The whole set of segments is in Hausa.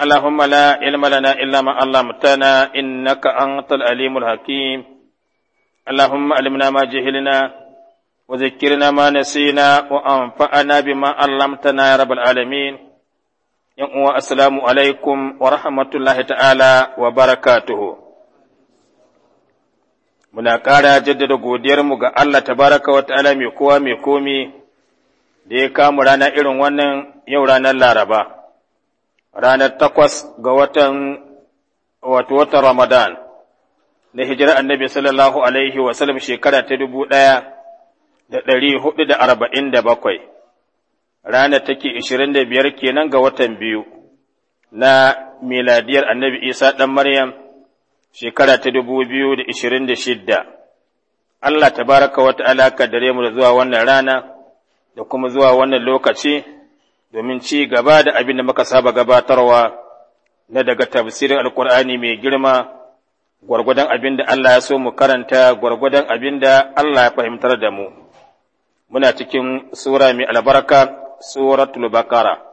اللهم لا علم لنا إلا ما علمتنا إنك أنت العليم الحكيم اللهم علمنا ما جهلنا وذكرنا ما نسينا وأنفعنا بما علمتنا يا رب العالمين يقوى السلام عليكم ورحمة الله تعالى وبركاته muna ƙara jaddada godiyarmu ga Allah tabaraka wa ta'ala mai kowa mai komi da ya kamu rana irin wannan yau ranar Laraba. ranar takwas ga watan wato watan Ramadan na hijirar annabi sallallahu alaihi wa sallam shekara ta dubu ɗaya da ɗari hudu da arba'in da bakwai ranar take ishirin da biyar kenan ga watan biyu na miladiyar annabi isa ɗan maryam shekara ta dubu biyu da ishirin da shidda Allah baraka wata alaƙa dare mu da zuwa wannan rana da kuma zuwa wannan lokaci domin ci gaba da abin da muka saba gabatarwa na daga tafsirin alkur'ani mai girma gwargwadon abin da Allah ya so mu karanta gwargwadon abin da Allah ya fahimtar da mu muna cikin sura mai albarka suratul bakara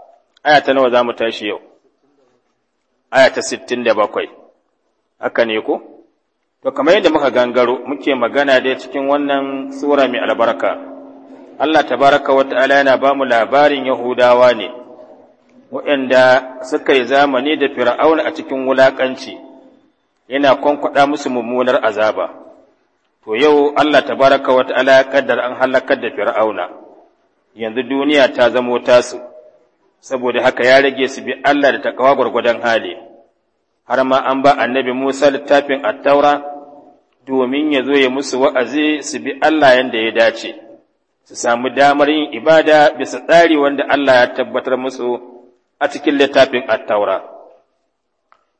aya ta nawa za tashi yau aya ta sittin da bakwai haka ne ko to kamar yadda muka gangaro muke magana dai cikin wannan sura mai albarka Allah tabaraka wa ta'ala yana ba mu labarin Yahudawa ne, waɗanda suka yi zamani da fir'auna a cikin wulaƙanci, yana kwankwaɗa musu mummunar azaba. To yau Allah tabaraka wa ta'ala ya ƙaddar an halakar da fir'auna, yanzu duniya ta zamo tasu, saboda haka ya rage su bi Allah da takawa gwargwadon hali, har ma an ba annabi Musa littafin attaura domin ya zo ya musu wa'azi su bi Allah yadda ya dace. su samu damar yin ibada bisa tsari wanda Allah ya tabbatar musu a cikin littafin attaura.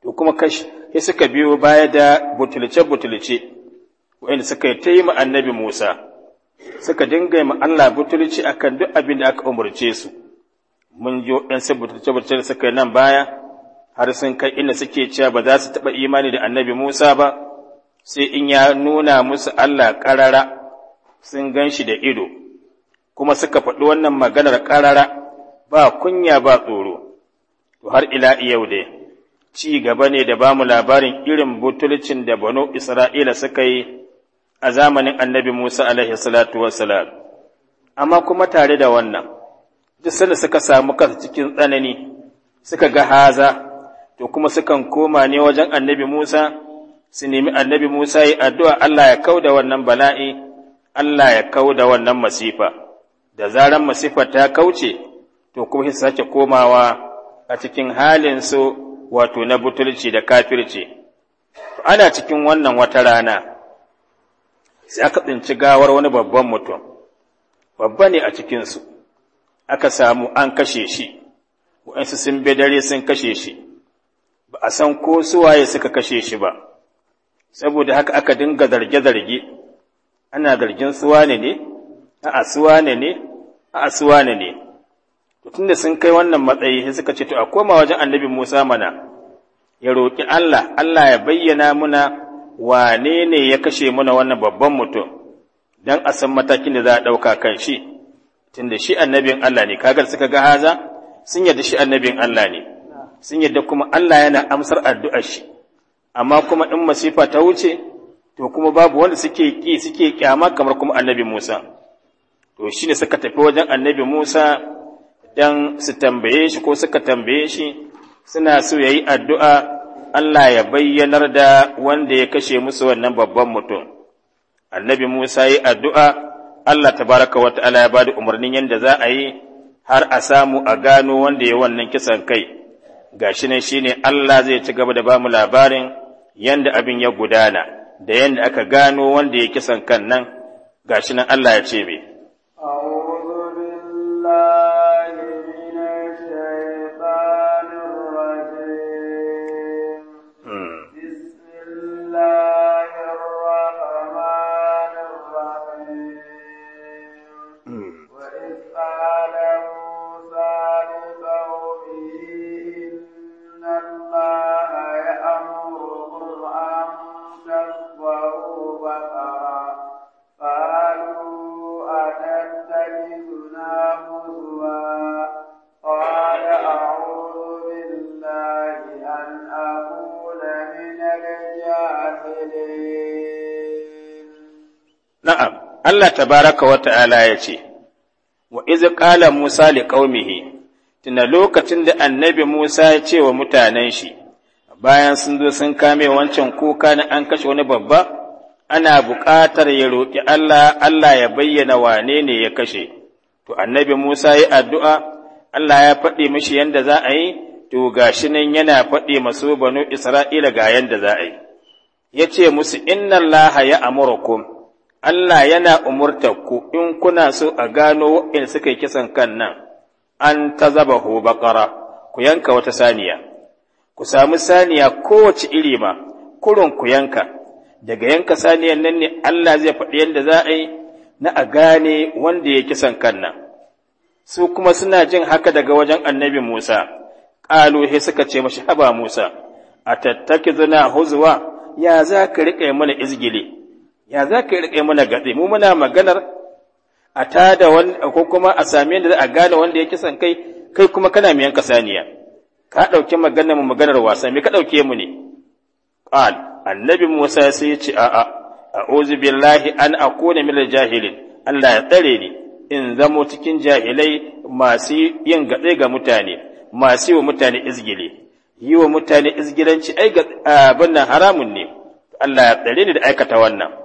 To kuma kashi ya suka biyo baya da butulce-butulce, wa'inda suka yi ta yi annabi Musa, suka dinga yi Allah butulce a kan duk abin da aka umarce su. Mun ji waɗansu butulce-butulce da suka yi nan baya, har sun kai inda suke cewa ba za su taɓa imani da annabi Musa ba, sai in ya nuna musu Allah ƙarara sun gan shi da ido. kuma suka faɗi wannan maganar ƙarara ba kunya ba tsoro to har ila yau dai ci gaba ne da bamu labarin irin butulcin da banu Isra'ila suka yi a zamanin Annabi Musa alaihi salatu wassalam amma kuma tare da wannan duk sanda suka samu kansu cikin tsanani suka ga haza to kuma sukan koma ne wajen Annabi Musa su nemi Annabi Musa yi addu'a Allah ya kauda wannan bala'i Allah ya kau da wannan masifa da zaran masifa ta kauce to kuma su sake komawa a cikin halin su wato na butulci da kafirci ana cikin wannan wata rana sai aka tsinci gawar wani babban mutum babba ne a cikinsu aka samu an kashe shi waɗansu sun dare sun kashe shi ba a san ko suwaye suka kashe shi ba saboda haka aka dinga zarge-zarge ana zargin suwane ne a asuwane ne a asuwane ne tun da sun kai wannan matsayi sai suka ce to a koma wajen annabi Musa mana ya roƙi Allah Allah ya bayyana muna wane ne ya kashe muna wannan babban mutum don a san matakin da za a ɗauka kan shi tun da shi annabin Allah ne kagar suka ga haza sun yadda shi annabin Allah ne sun yadda kuma Allah yana amsar addu'ar shi amma kuma in masifa ta wuce to kuma babu wanda suke ƙi suke ƙyama kamar kuma annabi Musa to shi ne suka tafi wajen annabi Musa dan su tambaye shi ko suka tambaye shi suna so ya yi addu'a Allah ya bayyanar da wanda ya kashe musu wannan babban mutum. Annabi Musa yi addu'a Allah ta baraka wata ala ya ba da umarnin yadda za a yi har a samu a gano wanda ya wannan kisan kai. Gashi ne shi ne Allah zai ci gaba da ba mu labarin yadda abin ya gudana da yadda aka gano wanda ya kisan kan nan gashi nan Allah ya ce mai. Na'am, Allah ta wa ta'ala ya ce, Wa izi ƙala Musa li ƙaumihi, tuna lokacin da annabi Musa ya ce wa mutanen shi, bayan sun zo sun kame wancan kuka na an kashe wani babba, ana buƙatar ya roƙi Allah, Allah ya bayyana wane ne ya kashe. To, annabi Musa ya addu'a, Allah ya faɗi mishi yadda za a yi, to ga shi nan yana faɗi masu banu Isra'ila ga yadda za a yi. Ya ce musu, Inna Allah ya amurakum, Allah yana ku in kuna so a gano waɗanda suka yi kisan kan nan, an ta zaba baƙara, ku yanka wata saniya, ku sami saniya kowace iri ma, kurin ku yanka, daga yanka saniyan nan ne Allah zai faɗi yadda za a yi na a gane wanda ya kisan kan nan. Su kuma suna jin haka daga wajen annabi Musa, ƙalohi suka ce mashi haba Musa, a tattaki zuna huzuwa, ya za ka riƙe mana izgili. ya za ka yi riƙe mana gatse mu muna maganar a tada wani ko kuma a yadda za a gane wanda ya kisan kai kai kuma kana yanka saniya. ka ɗauki maganar mu maganar wasa me ka ɗauke mu ne qal annabi Musa sai ya ce a'a a'udhu billahi an a akuna min jahilin Allah ya tsare ni in zamo cikin jahilai masu yin gatse ga mutane masu yi wa mutane izgili yi wa mutane izgilanci ai abin nan haramun ne Allah ya tsare ni da aikata wannan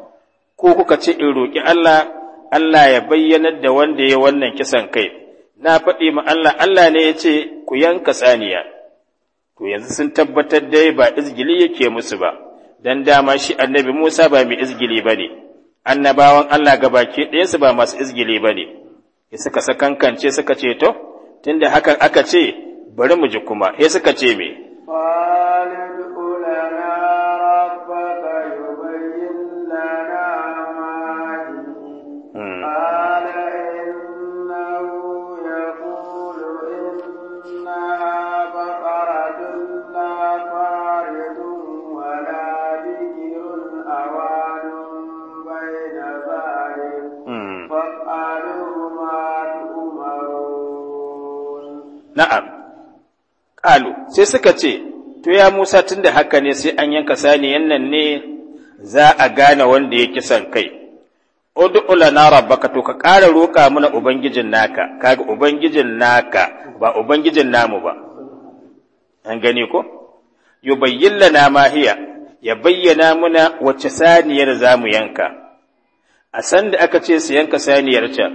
ko kuka ce in roƙi Allah Allah ya bayyanar da wanda ya wannan kisan kai na faɗi ma Allah Allah ne ya ce ku yanka tsaniya to yanzu sun tabbatar dai ba izgili yake musu ba dan dama shi annabi Musa ba mai izgili bane annabawan Allah gabaki ɗayansu ba masu izgili bane suka sakankance suka ce to tunda hakan aka ce bari mu ji kuma sai suka ce me na'am ƙalu, sai suka ce to ya Musa tun da haka ne sai an yanka saniyan nan ne za a gane wanda ya kisan kai na rabba ka to ka ƙara roƙa mana ubangijin naka kaga ubangijin naka ba ubangijin namu ba an gani ko yubayyin lana ma ya bayyana muna wacce saniyar za mu yanka a san da aka ce su yanka saniyar can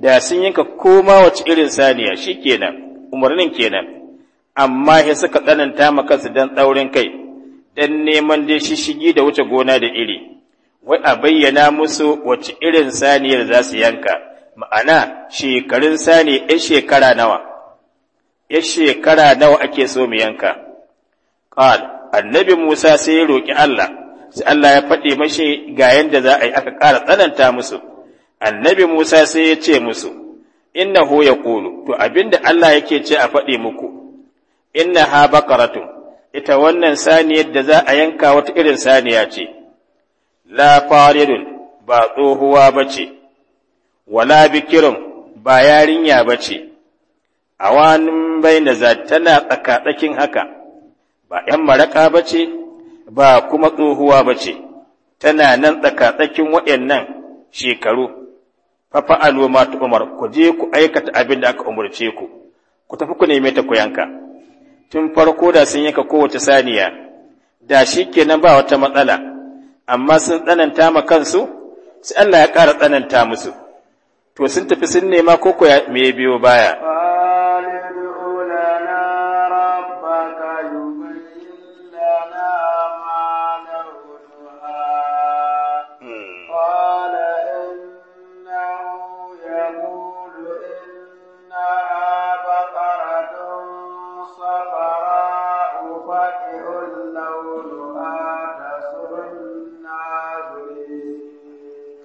da sun yanka koma wace irin saniya shi kenan. umarnin kenan amma ya suka tsananta ma kansu dan tsaurin kai dan neman dai shishigi da wuce gona da iri wai a bayyana musu wace irin saniyar za su yanka ma'ana shekarun sani ya shekara nawa ya shekara nawa ake so mu yanka qal annabi Musa sai ya roki Allah sai Allah ya faɗi mashi ga yanda za a yi aka ƙara tsananta musu annabi Musa sai ya ce musu inna ya kulu, to abinda Allah yake ce a faɗi muku ha bakaratu, ita wannan saniyar da za a yanka wata irin saniya ce la faridun ba tsohuwa bace wala bikirun ba yarinya bace awanin na za tana tsakatsakin haka ba ‘yan maraƙa bace ba kuma tsohuwa bace tana nan tsakatsakin waɗannan shekaru fafa alwa ma Umar ku je ku aikata abin da aka umarce ku ku tafi ku neme ta ku yanka tun farko da sun yanka kowace saniya da shi kenan ba wata matsala amma sun tsananta ma kansu sai Allah ya ƙara tsananta musu to sun tafi sun nema koko me biyo baya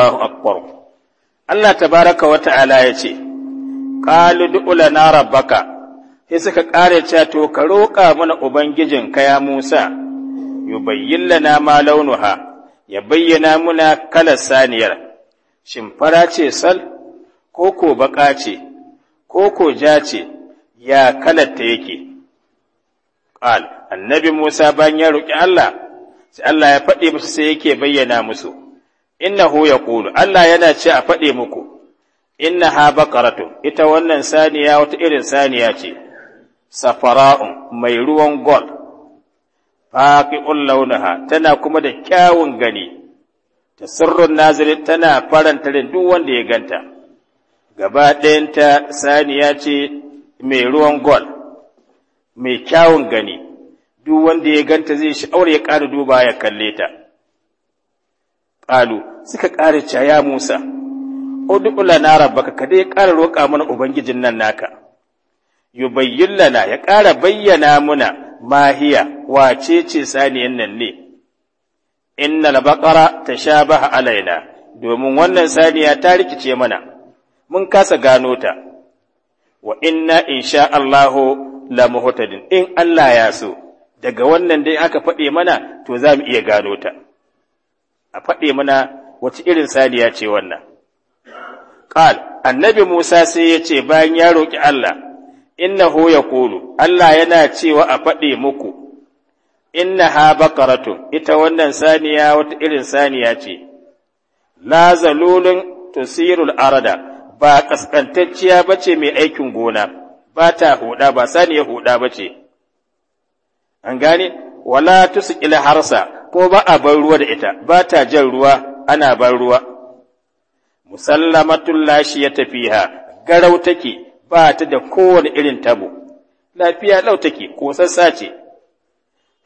Allahu akbar Allah tabaraka wa ta'ala ya ce qalu du'u lana rabbaka sai suka kare cewa to ka roƙa mana ubangijin kaya ya Musa yubayyin lana ma launuha ya bayyana muna kalar saniyar shin fara ce sal ko ko baka ce ko ko ja ce ya kalar ta yake qal annabi Musa bayan ya roƙi Allah sai Allah ya faɗi musu sai yake bayyana musu innahu yaqulu Allah yana ce a faɗe muku innaha baqaratun ita wannan saniya wata irin saniya ce safara'un mai ruwan gold faqi'ul launaha tana kuma da kyawun gani tasirrun naziri tana farantarin duk wanda ya ganta gaba ta saniya ce mai ruwan gold mai kyawun gani duk wanda ya ganta zai sha'awar ya ƙara duba ya kalle ta qalu suka ƙara cewa ya Musa ud'u lana rabbaka kada ya ƙara roƙa mana ubangijin nan naka yubayyin lana ya ƙara bayyana muna mahiya wace ce saniyan nan ne innal baqara tashabaha alaina domin wannan saniya ta rikice mana mun kasa gano ta wa inna insha Allahu la muhtadin in Allah ya so daga wannan dai aka faɗe mana to za mu iya gano ta a faɗe mana wace irin saniya ce wannan qal annabi Musa sai ya ce bayan ya roƙi Allah ya kolo, Allah yana cewa a faɗe muku ha baqaratun ita wannan saniya wata irin saniya ce la zalulun tusirul arada ba ba ce mai aikin gona ba ta huda ba saniya huda bace an gane wala tusqil harsa ko ba a bar ruwa da ita ba ta jan ruwa ana bar ruwa musallamatul lashi ya tafiha garau take ba ta da kowane irin tabo lafiya lau take ko sassa ce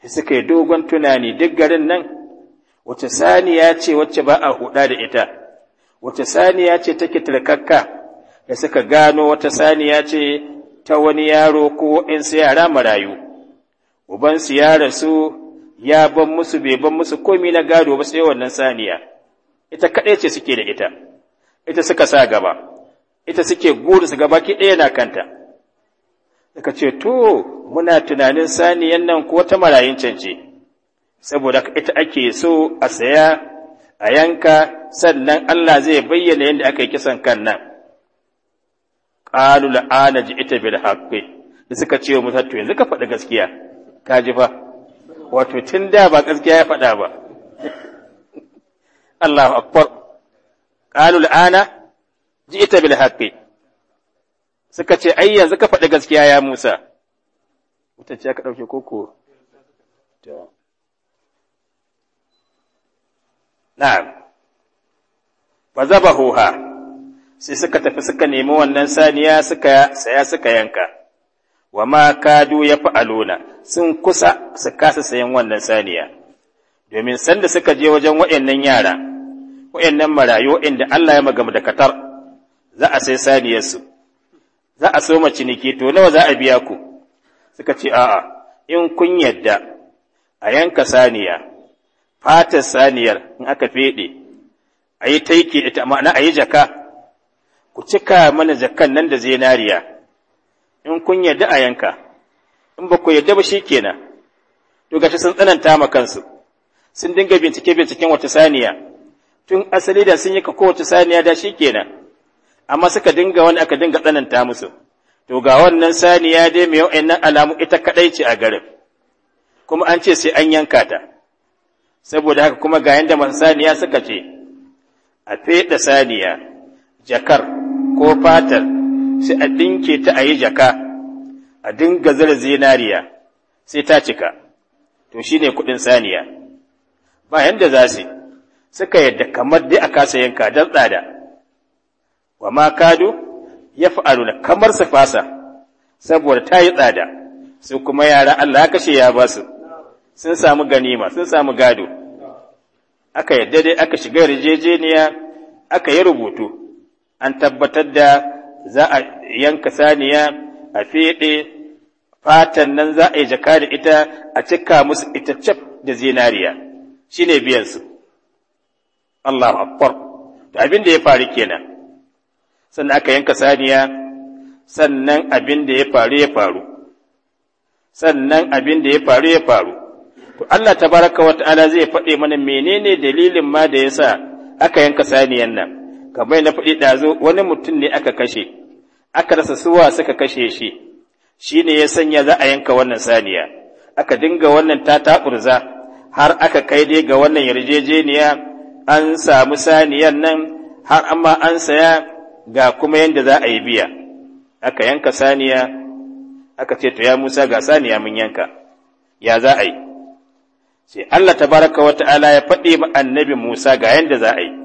suka yi dogon tunani duk garin nan wace saniya ce wacce ba a huda da ita wace saniya ce take tilkakka da suka gano wata saniya ce ta wani yaro ko waɗansu yara marayu ubansu ya rasu ya ban musu bai ban musu komai na gado ba sai wannan saniya ita kaɗai ce suke da ita ita suka sa gaba ita suke gudu su gaba ki ɗaya na kanta suka ce to muna tunanin saniyan nan ko ta marayin cance saboda ita ake so a saya a yanka sannan Allah zai bayyana yadda aka yi kisan kan nan ana ji ita bil da suka ce mu to yanzu ka faɗi gaskiya ka ji fa wato tun da ba gaskiya ya faɗa ba Allahu akbar qalu al'ana ita bil haqqi suka ce ai yanzu ka faɗi gaskiya ya Musa mutan ce ka ɗauke koko na'am hoha. sai suka tafi suka nemi wannan saniya suka saya suka yanka wa ma kadu ya fa'aluna sun kusa su kasa sayan wannan saniya, domin sanda suka je wajen waɗannan yara, waɗannan marayu inda Allah ya magamu da katar, za a sai saniyarsu, za a soma ciniki to nawa za a biya ku, suka ce a'a, in kun yadda a yanka saniya, fatar saniyar in aka feɗe, a yi taiki ita ma'ana a yi jaka, ku cika mana jakan nan da zinariya. in kun yarda a yanka in ba ku yarda ba shi kenan to gashi sun tsananta ma kansu sun dinga bincike binciken wata saniya tun asali da sun yi ka kowace saniya da shi kenan amma suka dinga wani aka dinga tsananta musu to ga wannan saniya dai mai nan alamu ita kaɗai ce a garin kuma an ce sai an yanka ta saboda haka kuma ga yanda masu saniya suka ce a feɗa saniya jakar ko fatar sai a ɗinke ta a yi jaka a dinga zira zinariya sai ta cika to shi ne kuɗin saniya ba yadda za su suka yadda kamar dai a kasa yanka don tsada wa ma kado ya fa'alu kamar su fasa saboda ta yi tsada su kuma yara Allah ya kashe ya ba su sun samu ganima sun samu gado aka yadda dai aka shiga yarjejeniya aka yi rubutu an tabbatar da za a yanka saniya a feɗe fatan nan za a yi jaka da ita a cika musu ita cef da zinariya shi ne biyansu Allah akbar to abin da ya faru kenan sannan aka yanka saniya sannan abin da ya faru ya faru sannan abin da ya faru ya faru to Allah tabaraka wa ta'ala zai faɗe mana menene dalilin ma da yasa aka yanka saniyan nan kamar na faɗi ɗazu wani mutum ne aka kashe aka rasa suwa suka kashe shi shi ne ya sanya za a yanka wannan saniya aka dinga wannan ta taɓurza har aka kai dai ga wannan yarjejeniya an samu saniyan nan har amma an saya ga kuma yadda za a yi biya aka yanka saniya aka ce to ya musa ga saniya mun yanka ya za a yi sai allah ta baraka wa ta'ala ya faɗi ma annabi musa ga yadda za a yi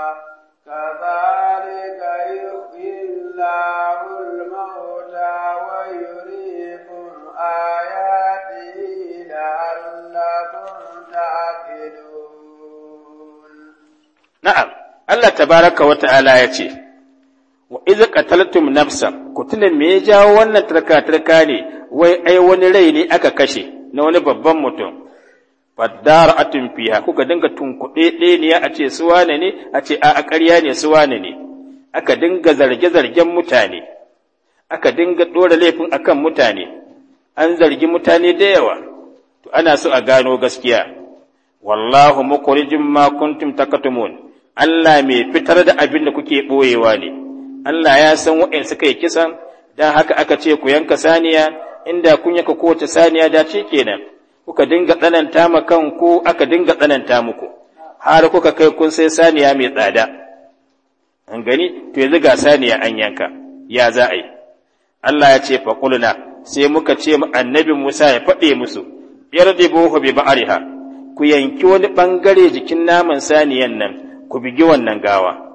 na'am Allah tabaraka wa ta'ala ya ce wa idza qataltum nafsan ku tuna me ya jawo wannan tarka tarka ne wai ai wani rai ne aka kashe na wani babban mutum faddara atun fiha kuka dinga tunkuɗe ne a ce su wane ne a ce a a ƙarya ne su wane ne aka dinga zarge-zargen mutane aka dinga ɗora laifin akan mutane an zargi mutane da yawa to ana so a gano gaskiya wallahu mukhrijum ma kuntum takatumun Allah mai fitar da abin da kuke ɓoyewa ne, Allah ya san wa’in suka yi kisan, don haka aka ce ku yanka saniya, inda kun yanka kowace saniya da ce kenan, kuka dinga tsananta ma kanku aka dinga tsananta muku, har kuka kai kun sai saniya mai tsada. An gani, to yanzu ga saniya an yanka, ya za a yi. Allah ya ce faƙulna, sai muka ce annabi Musa ya faɗe musu, yarda bi ba'ariha, ku yanki wani ɓangare jikin naman saniyan nan, ku bigi wannan gawa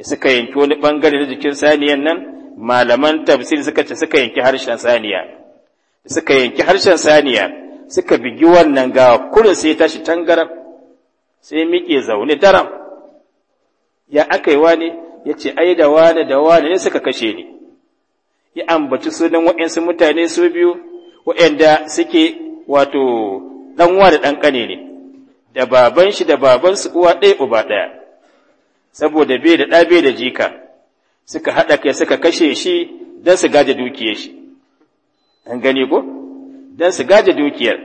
ya suka yanki wani bangare na jikin saniyan nan malaman tafsir suka ce suka yanki harshen saniya suka yanki harshen saniya suka bigi wannan gawa kurin sai tashi tangara sai miƙe zaune daram ya aka yi wani ya ce ai da wani da wani ne suka kashe ni ya ambaci sunan waɗansu mutane su biyu waɗanda suke wato ɗanwa da kane ne da baban shi da babansu uwa ɗaya uba ɗaya saboda bai da ɗa bai da jika suka haɗa kai suka kashe shi don su gaje dukiyar shi an gani ko don su gaje dukiyar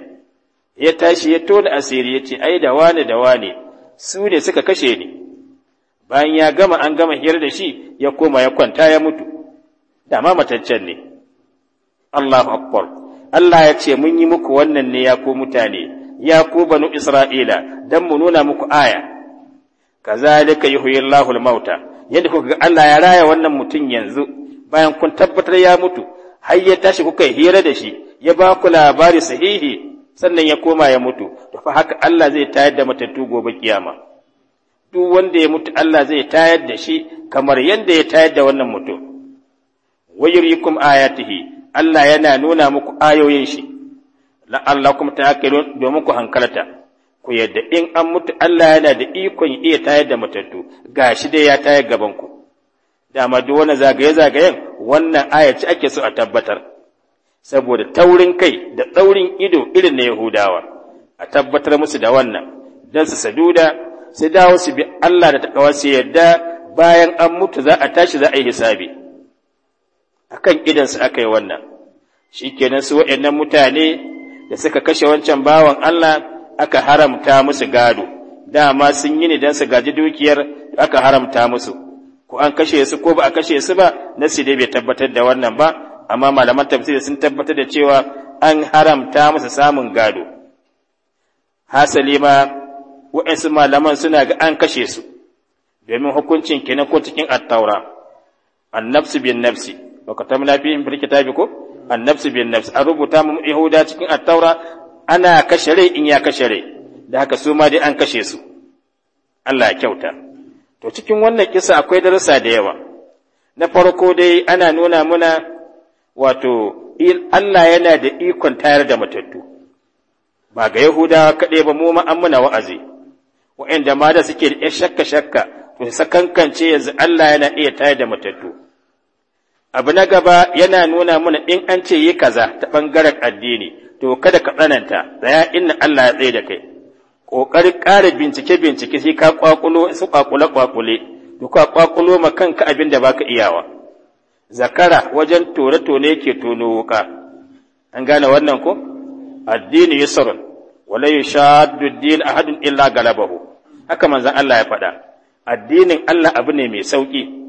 ya tashi ya tona asiri ya ce ai da wane da wane su ne suka kashe ni bayan ya gama an gama hiyar da shi ya koma ya kwanta ya mutu dama mataccen ne Allahu akbar Allah ya ce mun yi muku wannan ne ya ko mutane ya ku banu isra'ila dan mu nuna muku aya kazalika yuhyi Allahul mauta yadda kuka ga Allah ya raya wannan mutum yanzu bayan kun tabbatar ya mutu har ya tashi kuka yi hira da shi ya ba ku labari sahihi sannan ya koma ya mutu to fa haka Allah zai tayar da matattu gobe kiyama duk wanda ya mutu Allah zai tayar da shi kamar yadda ya tayar da wannan mutum wayurikum ayatihi Allah yana nuna muku ayoyin shi allah la'allakum taqilun domin ku hankalta ku yadda in an mutu Allah yana da ikon iya tayar da matattu ga shi dai ya tayar gaban ku dama duk wani zagaye zagayen wannan aya ce ake so a tabbatar saboda taurin kai da tsaurin ido irin na Yahudawa a tabbatar musu da wannan dan su saduda su dawo su bi Allah da takawa su yadda bayan an mutu za a tashi za a yi hisabi akan idan su aka yi wannan shikenan su wa'annan mutane da suka kashe wancan bawan Allah aka haramta musu gado dama sun yi ne don su gaji dukiyar aka haramta musu ko an kashe su ko ba a kashe su ba nasi dai bai tabbatar da wannan ba amma malaman tafsir sun tabbatar da cewa an haramta musu samun gado hasali ma waɗansu malaman suna ga an kashe su domin hukuncin kenan ko cikin attaura nafsi bin nafsi wa katamna fihim fil kitabi ko annafs bin nafs an rubuta mu yahuda cikin attaura ana kashe rai in ya kashe rai da haka su ma dai an kashe su Allah ya kyauta to cikin wannan kisa akwai darussa da yawa na farko dai ana nuna muna wato Allah yana da ikon tayar da matattu ba ga yahudawa kaɗai ba mu ma an muna wa'azi wa'anda ma da suke da shakka shakka to sakankance yanzu Allah yana iya tayar da matattu abu na gaba yana nuna mana in an ce yi kaza ta ɓangaren addini to kada ka tsananta tsaya inna Allah ya tsaye da kai ƙoƙarin ƙara bincike bincike sai ka ƙwaƙulo su ƙwaƙule ƙwaƙule to ka ƙwaƙulo ma kanka abin da baka iyawa zakara wajen tore tone yake tono wuka an gane wannan ko addini yusrun wala yushaddu din ahadun illa galabahu haka manzon Allah ya faɗa addinin Allah abu ne mai sauki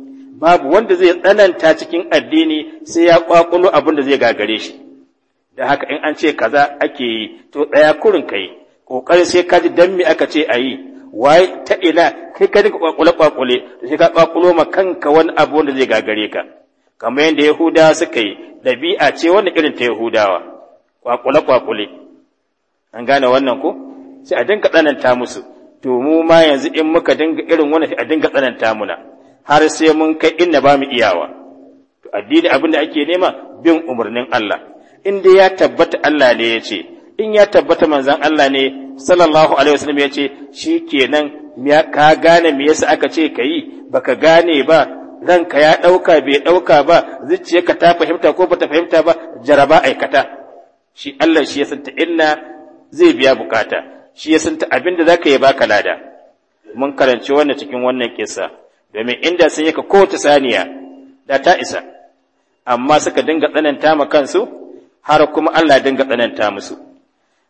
babu wanda zai tsananta cikin addini sai ya kwakulo abin da zai gagare shi da haka in an ce kaza ake yi to ɗaya kurin kai kokarin sai ka ji dan me aka ce a yi waye ta ila kai ka dinka kwakule kwakule sai ka kwakulo ma kanka wani abu wanda zai gagare ka kamar yadda yahudawa suka yi ɗabi'a ce wanda irin ta yahudawa kwakule kwakule an gane wannan ko sai a dinka tsananta musu to mu ma yanzu in muka dinga irin wannan a dinga tsananta muna har sai mun kai inda ba mu iyawa to addini abin da ake nema bin umarnin Allah in dai ya tabbata Allah ne ya ce in ya tabbata manzon Allah ne sallallahu alaihi wasallam ya ce shikenan ka gane me yasa aka ce kayi baka gane ba ranka ya dauka bai dauka ba zuciyarka ta fahimta ko bata fahimta ba jaraba aikata shi Allah shi ya santa inna zai biya bukata shi ya santa abinda zaka yi baka lada mun karanci wannan cikin wannan kisa domin inda sun yi ka kowace saniya da ta isa amma suka dinga tsananta ma kansu har kuma Allah dinga tsananta musu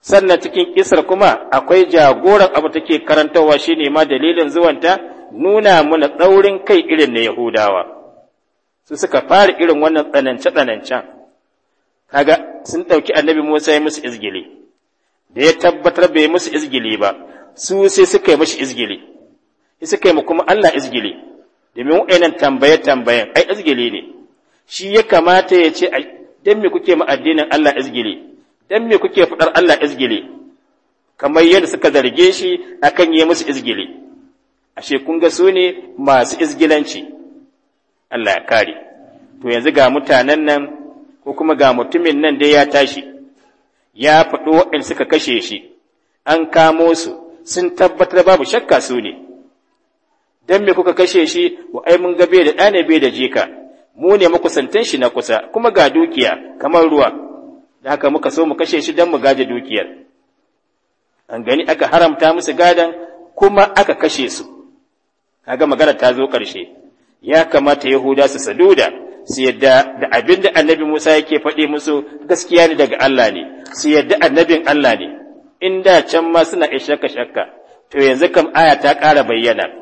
sannan cikin kisar kuma akwai jagoran abu take karantarwa shine ma dalilin zuwanta nuna mana tsaurin kai irin na Yahudawa su suka fara irin wannan tsanance tsanancen kaga sun ɗauki annabi Musa ya musu izgili da ya tabbatar bai musu izgili ba su sai suka yi mashi izgili suka yi kuma Allah izgili domin wa'annan tambaye tambayen ai izgili ne shi ya kamata ya ce don me kuke ma addinin Allah izgili don me kuke fadar Allah izgili kamar yadda suka zarge shi akan yi musu izgili ashe kun ga su ne masu izgilanci Allah ya kare to yanzu ga mutanen nan ko kuma ga mutumin nan dai ya tashi ya faɗo waɗanda suka kashe shi an kamo su sun tabbatar babu shakka su ne dan me kuka kashe shi wa ai mun ga bai da ɗane bai da jika mu ne makusantan shi na kusa kuma ga dukiya kamar ruwa da haka muka so mu kashe shi dan mu gaje dukiyar an gani aka haramta musu gadan kuma aka kashe su kaga magana ta zo ƙarshe ya kamata yahuda su saduda su yadda da abin da annabi musa yake faɗi musu gaskiya ne daga allah ne su yadda annabin allah ne in da can ma suna shakka shakka to yanzu kam aya ta ƙara bayyana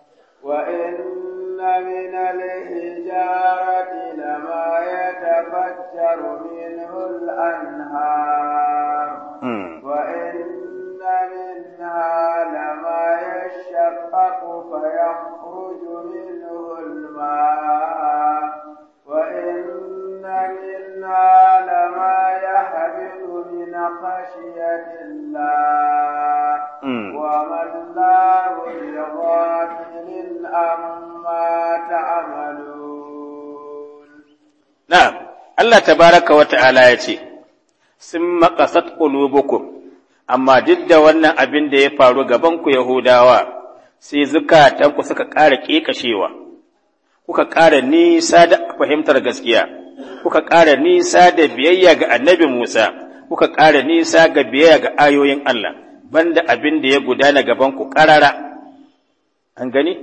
وإن من الحجارة لما يتفجر منه الأنهار وإن منها لما يشقق فيخرج منه الماء وإن منها لما يحبط من خشية الله وما الله Allah baraka wa ta'ala ya ce, Sun maƙasat ƙulubukum, amma duk da wannan abin da ya faru gabanku Yahudawa, sai zukatanku suka ƙara ƙeƙashewa, kuka ƙara nisa da fahimtar gaskiya, kuka ƙara nisa da biyayya ga annabi Musa, kuka ƙara nisa ga biyayya ga ayoyin Allah, banda abin da ya gudana gabanku ƙarara. An gani?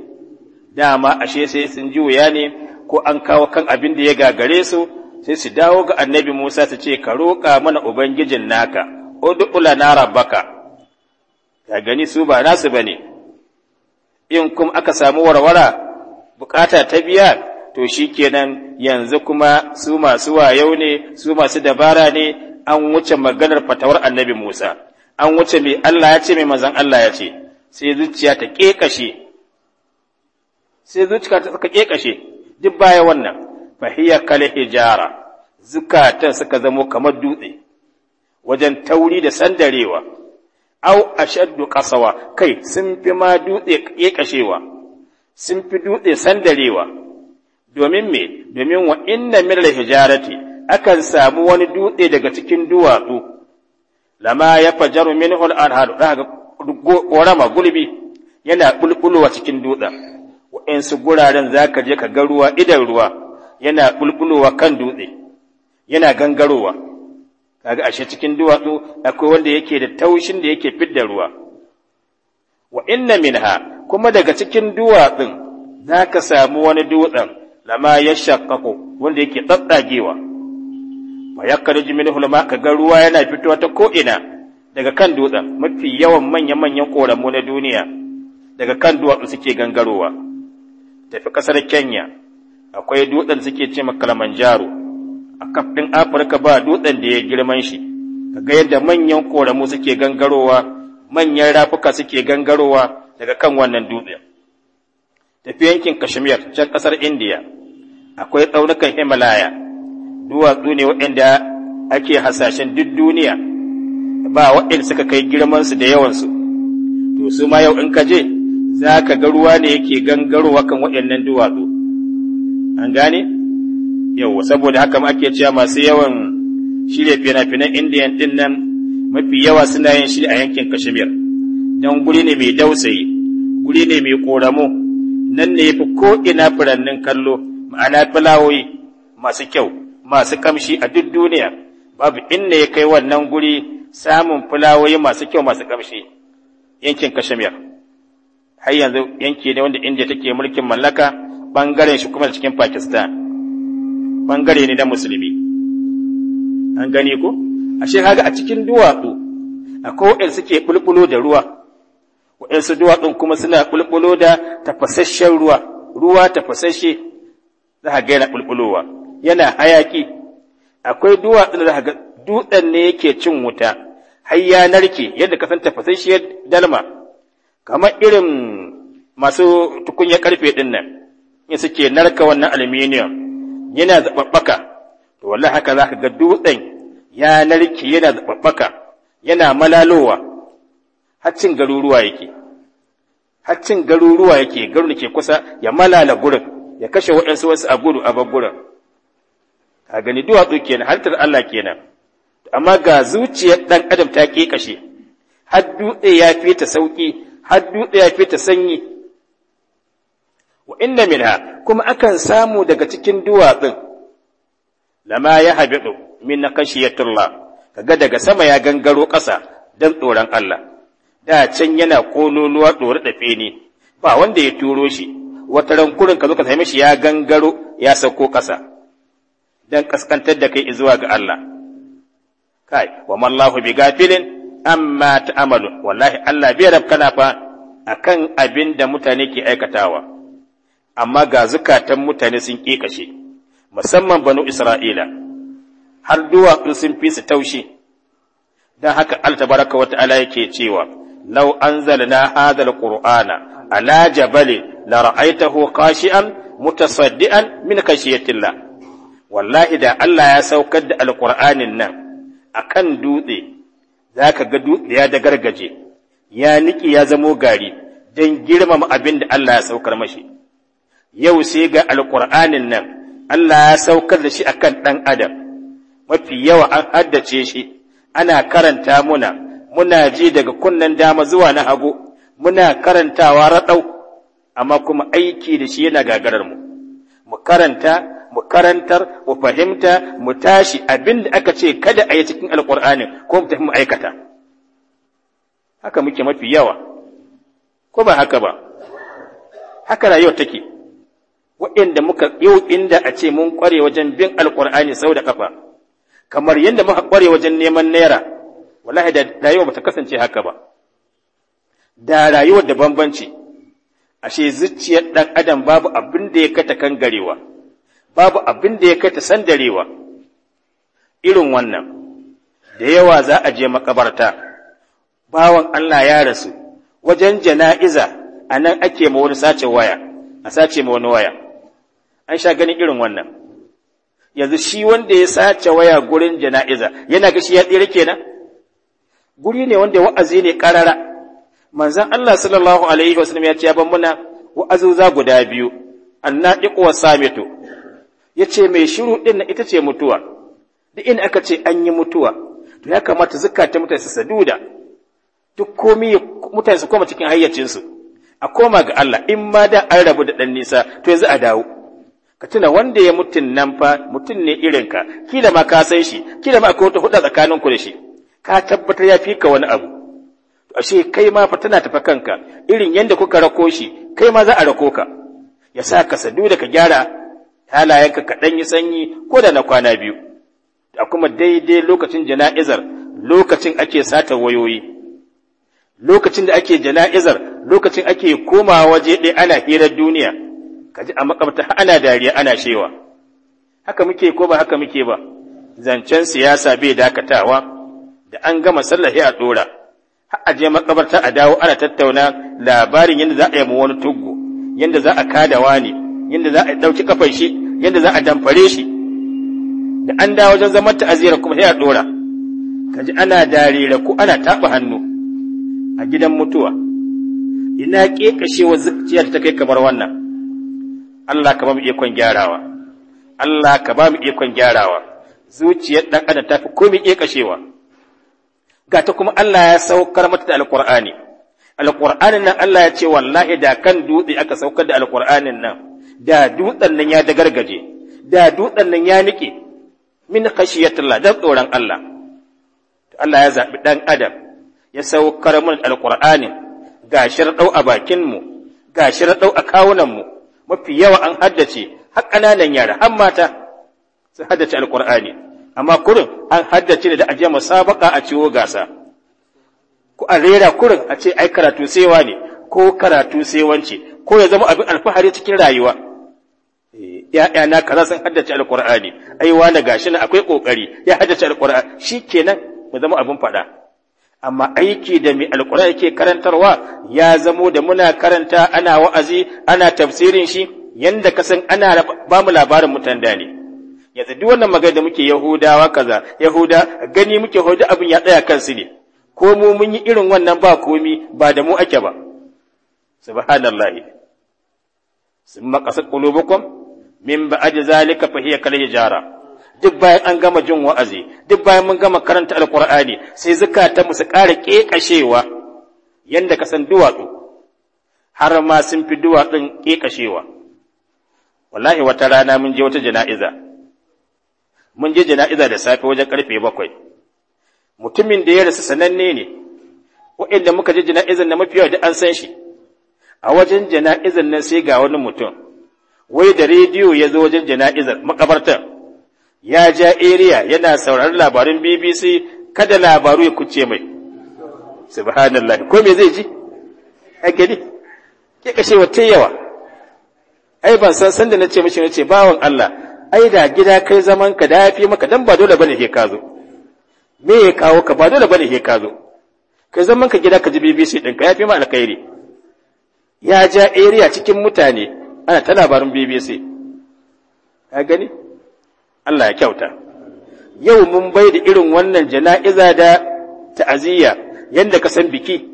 Dama ashe sai sun ji wuya ne ko an kawo kan abin da ya gagare su sai su dawo ga annabi Musa su ce ka roƙa mana ubangijin naka ula na rabbaka ka gani su ba nasu ba ne in kuma aka samu warwara bukata ta biya to shi kenan yanzu kuma su masu wayau ne su masu dabara ne an wuce maganar fatawar annabi Musa an wuce mai Allah ya ce mai manzon Allah ya ce sai zuciya ta ƙeƙashe, sai zuciya ta ƙeƙashe, duk baya wannan fahiya kal hijara zukatan suka zamo kamar dutse wajen tauri da sandarewa au ashaddu qasawa kai sun fi ma dutse kashewa sun fi dutse sandarewa domin me domin wa inna min hijarati akan samu wani dutse daga cikin duwatsu lama ya fajaru minhu al anhar daga gorama gulbi yana bulbulowa cikin dutsen waɗansu guraren zaka je ka ga ruwa idan ruwa yana bulbulowa kan dutse yana gangarowa kaga ashe cikin duwatsu akwai wanda yake da taushin da yake fidda ruwa wa inna minha kuma daga cikin duwatsun zaka samu wani dutsen lama yashaqqaqu wanda yake tsaddagewa fa yakhruju minhu lama kaga ruwa yana fitowa ta ko ina daga kan dutsen mafi yawan manya-manyan koramu na duniya daga kan duwatsu suke gangarowa tafi kasar Kenya akwai dutsen suke ce ma Kilimanjaro a kafin Afirka ba dutsen da ya girman shi kaga yadda manyan koramu suke gangarowa manyan rafuka suke gangarowa daga kan wannan dutsen tafi yankin Kashmir can kasar indiya akwai tsaunukan Himalaya duwatsu ne waɗanda ake hasashen duk duniya ba waɗanda suka kai girman su da yawansu to su ma yau in ka je za ka ga ruwa ne yake gangarowa kan waɗannan duwatsu an gane yawa saboda haka ake cewa masu yawan shirya fina-finan indiya din nan mafi yawa suna yin shi a yankin kashmir don guri ne mai dausayi guri ne mai koramo nan ne fi ko ina furannin kallo ma'ana fulawoyi masu kyau masu kamshi a duk duniya babu inda ya kai wannan guri samun fulawoyi masu kyau masu kamshi yankin kashmir har yanzu yanki ne wanda indiya take mulkin mallaka ɓangaren shi kuma cikin Pakistan, ɓangare ne na musulmi. An gani ko? Ashe haga a cikin duwatsu, akwai waɗanda suke ɓulɓulo da ruwa, waɗansu duwatsun kuma suna ɓulɓulo da tafasasshen ruwa, ruwa tafasasshe za ka ga yana ɓulɓulowa, yana hayaƙi. Akwai duwatsun da ga dutsen ne yake cin wuta, har ya narke yadda ka san tafasasshe dalma, kamar irin masu tukunya karfe ɗin in suke narka wannan aluminium yana zaɓaɓɓaka to wallahi haka za ka ga dutsen ya narke yana zaɓaɓɓaka yana malalowa haccin garuruwa yake haccin garuruwa yake garin ke kusa ya malala gurin ya kashe waɗansu wasu a gudu a gurin a gani duwatsu kenan hantar Allah kenan amma ga zuciyar ɗan adam ta ƙeƙashe har dutse ya fita sauƙi har dutse ya fita sanyi wa inna minha kuma akan samu daga cikin duwatsun lama ya habidu min khashiyatullah kaga daga sama ya gangaro ƙasa dan tsoron Allah da can yana kololuwa tsoro da feni ba wanda ya turo shi wata rankurin ka zo ka same shi ya gangaro ya sauko ƙasa dan kaskantar da kai zuwa ga Allah kai wa mallahu bi gafilin amma amalu wallahi Allah bai rabkana fa akan abin da mutane ke aikatawa amma ga zukatan mutane sun ƙiƙashe musamman banu isra'ila har duwatsu sun fi su taushe don haka altabaraka wata ala yake cewa lau an zalna hadal qur'ana ala jabali la ra'aitahu khashi'an mutasaddian min kashiyatillah. wallahi da Allah ya saukar da alqur'anin nan akan dutse zaka ga dutse ya da gargaje ya niki ya zamo gari don girmama abin da Allah ya saukar mashi yau sai ga alƙur'anin nan Allah ya saukar da shi akan ɗan adam mafi yawa an addace shi ana karanta muna muna ji daga kunnen dama zuwa na hagu muna karantawa raɗau amma kuma aiki da shi yana gagarar mu mu karanta mu karantar mu fahimta mu tashi abin da aka ce kada a yi cikin Alƙur'ani, ko mu tafi mu aikata haka muke mafi yawa ko ba haka ba haka rayuwar take waɗanda muka yau inda a ce mun ƙware wajen bin alƙur'ani sau da ƙafa kamar yadda muka ƙware wajen neman naira wallahi da rayuwa ba ta kasance haka ba da rayuwar da bambanci ashe zuciyar ɗan adam babu abin da ya kata kan garewa babu abin da ya kata sandarewa irin wannan da yawa za a je makabarta bawan Allah ya rasu wajen jana'iza a nan ake ma wani sace waya a sace ma wani waya an sha ganin irin wannan yanzu shi wanda ya sace waya gurin jana'iza yana ga shi ya tsira kenan guri ne wanda wa'azi ne karara manzon Allah sallallahu alaihi wasallam ya ce ya ban muna za guda biyu annadiqu wa samitu yace mai shiru din ita ce mutuwa duk in aka ce an yi mutuwa to ya kamata ta mutane su saduda duk komai mutane su koma cikin hayyacin su a koma ga Allah in ma da an rabu da dan nisa to yanzu a dawo ka tuna wanda ya mutun nan fa mutum ne irin ka, kila ma ka san shi kila ma akwai wata hudda tsakanin ku da shi ka tabbatar ya fi ka wani abu To ashe kai ma fa tana tafa kanka irin yanda kuka rako shi kai ma za a rako ka ya sa ka sadu da ka gyara halayenka ka ɗan yi sanyi ko da na kwana biyu da kuma daidai lokacin jana'izar lokacin ake sata wayoyi lokacin da ake jana'izar lokacin ake komawa waje ɗaya ana hirar duniya kaji a makabta ana dariya ana shewa haka muke ko ba haka muke ba zancen siyasa bai dakatawa da an gama sallahi a tsora har a je makabarta a dawo ana tattauna labarin yadda za a yi wani tuggo yadda za a kadawa ne yadda za a dauki kafar shi yadda za a damfare shi da an dawo wajen zaman ta'aziyar kuma sai a tsora kaji ana darira ko ana taɓa hannu a gidan mutuwa ina kekashewa zuciyar ta kai kamar wannan Allah ka ba mu ikon gyarawa Allah ka ba mu ikon gyarawa zuciyar dan adam ta fi komai iya kashewa ga ta kuma Allah ya saukar mata da alqur'ani alqur'anin nan Allah ya ce wallahi da kan dutse aka saukar da alqur'anin nan da dutsen nan ya dagargaje da dutsen nan ya nike min khashiyatillah dan tsoron Allah Allah ya zaɓi ɗan adam ya saukar mana alqur'anin ga shirɗau a bakinmu, ga shirɗau a kawunanmu, mafi yawa an haddace har ƙananan yara har mata sun haddace alƙur'ani amma kurin an haddace da aje musabaka a ciwo gasa ko a rera kurin a ce ai karatu saiwa ne ko karatu sewanci, ko ya zama abin alfahari cikin rayuwa eh, ya'ya na kaza sun haddace alƙur'ani ai wani gashi na akwai ƙoƙari ya haddace alƙur'ani shikenan mu zama abin faɗa amma aiki da mai alƙura yake karantarwa ya zamo da muna karanta ana wa'azi ana tafsirin shi yanda ka san ana ba mu labarin mutan da ne yanzu duk wannan magana da muke yahudawa kaza yahuda gani muke hoda abin ya tsaya kansu ne ko mu mun yi irin wannan ba komi ba da mu ake ba subhanallah sun qasat qulubukum min ba'd zalika fa hiya kal hijara duk bayan an gama jin wa'azi duk bayan mun gama karanta alkur'ani sai zukata mu su ƙara ƙeƙashewa yanda ka san duwatsu har ma sun fi duwatsun ƙeƙashewa wallahi wata rana mun je wata jana'iza mun je jana'iza da safe wajen karfe bakwai mutumin da ya rasu sananne ne waɗanda muka je jana'izan na mafiya da an san shi a wajen jana'izan nan sai ga wani mutum wai da rediyo ya zo wajen jana'izar makabartar ya ja area yana sauraron labarin BBC kada labaru ya kuce mai subhanallahi ko me zai ji a gani ke kashe wata yawa ai ban san sanda na ce mishi na ce bawan Allah ai da gida kai zaman ka da yafi maka dan ba dole bane ke ka zo me ya kawo ka ba dole bane ke ka zo kai zaman ka gida ka ji BBC din ka yafi ma alkhairi ya ja area cikin mutane ana ta labarin BBC ka gani Allah ya kyauta yau mun bai da irin wannan jana'iza da ta'aziyya yanda ka san biki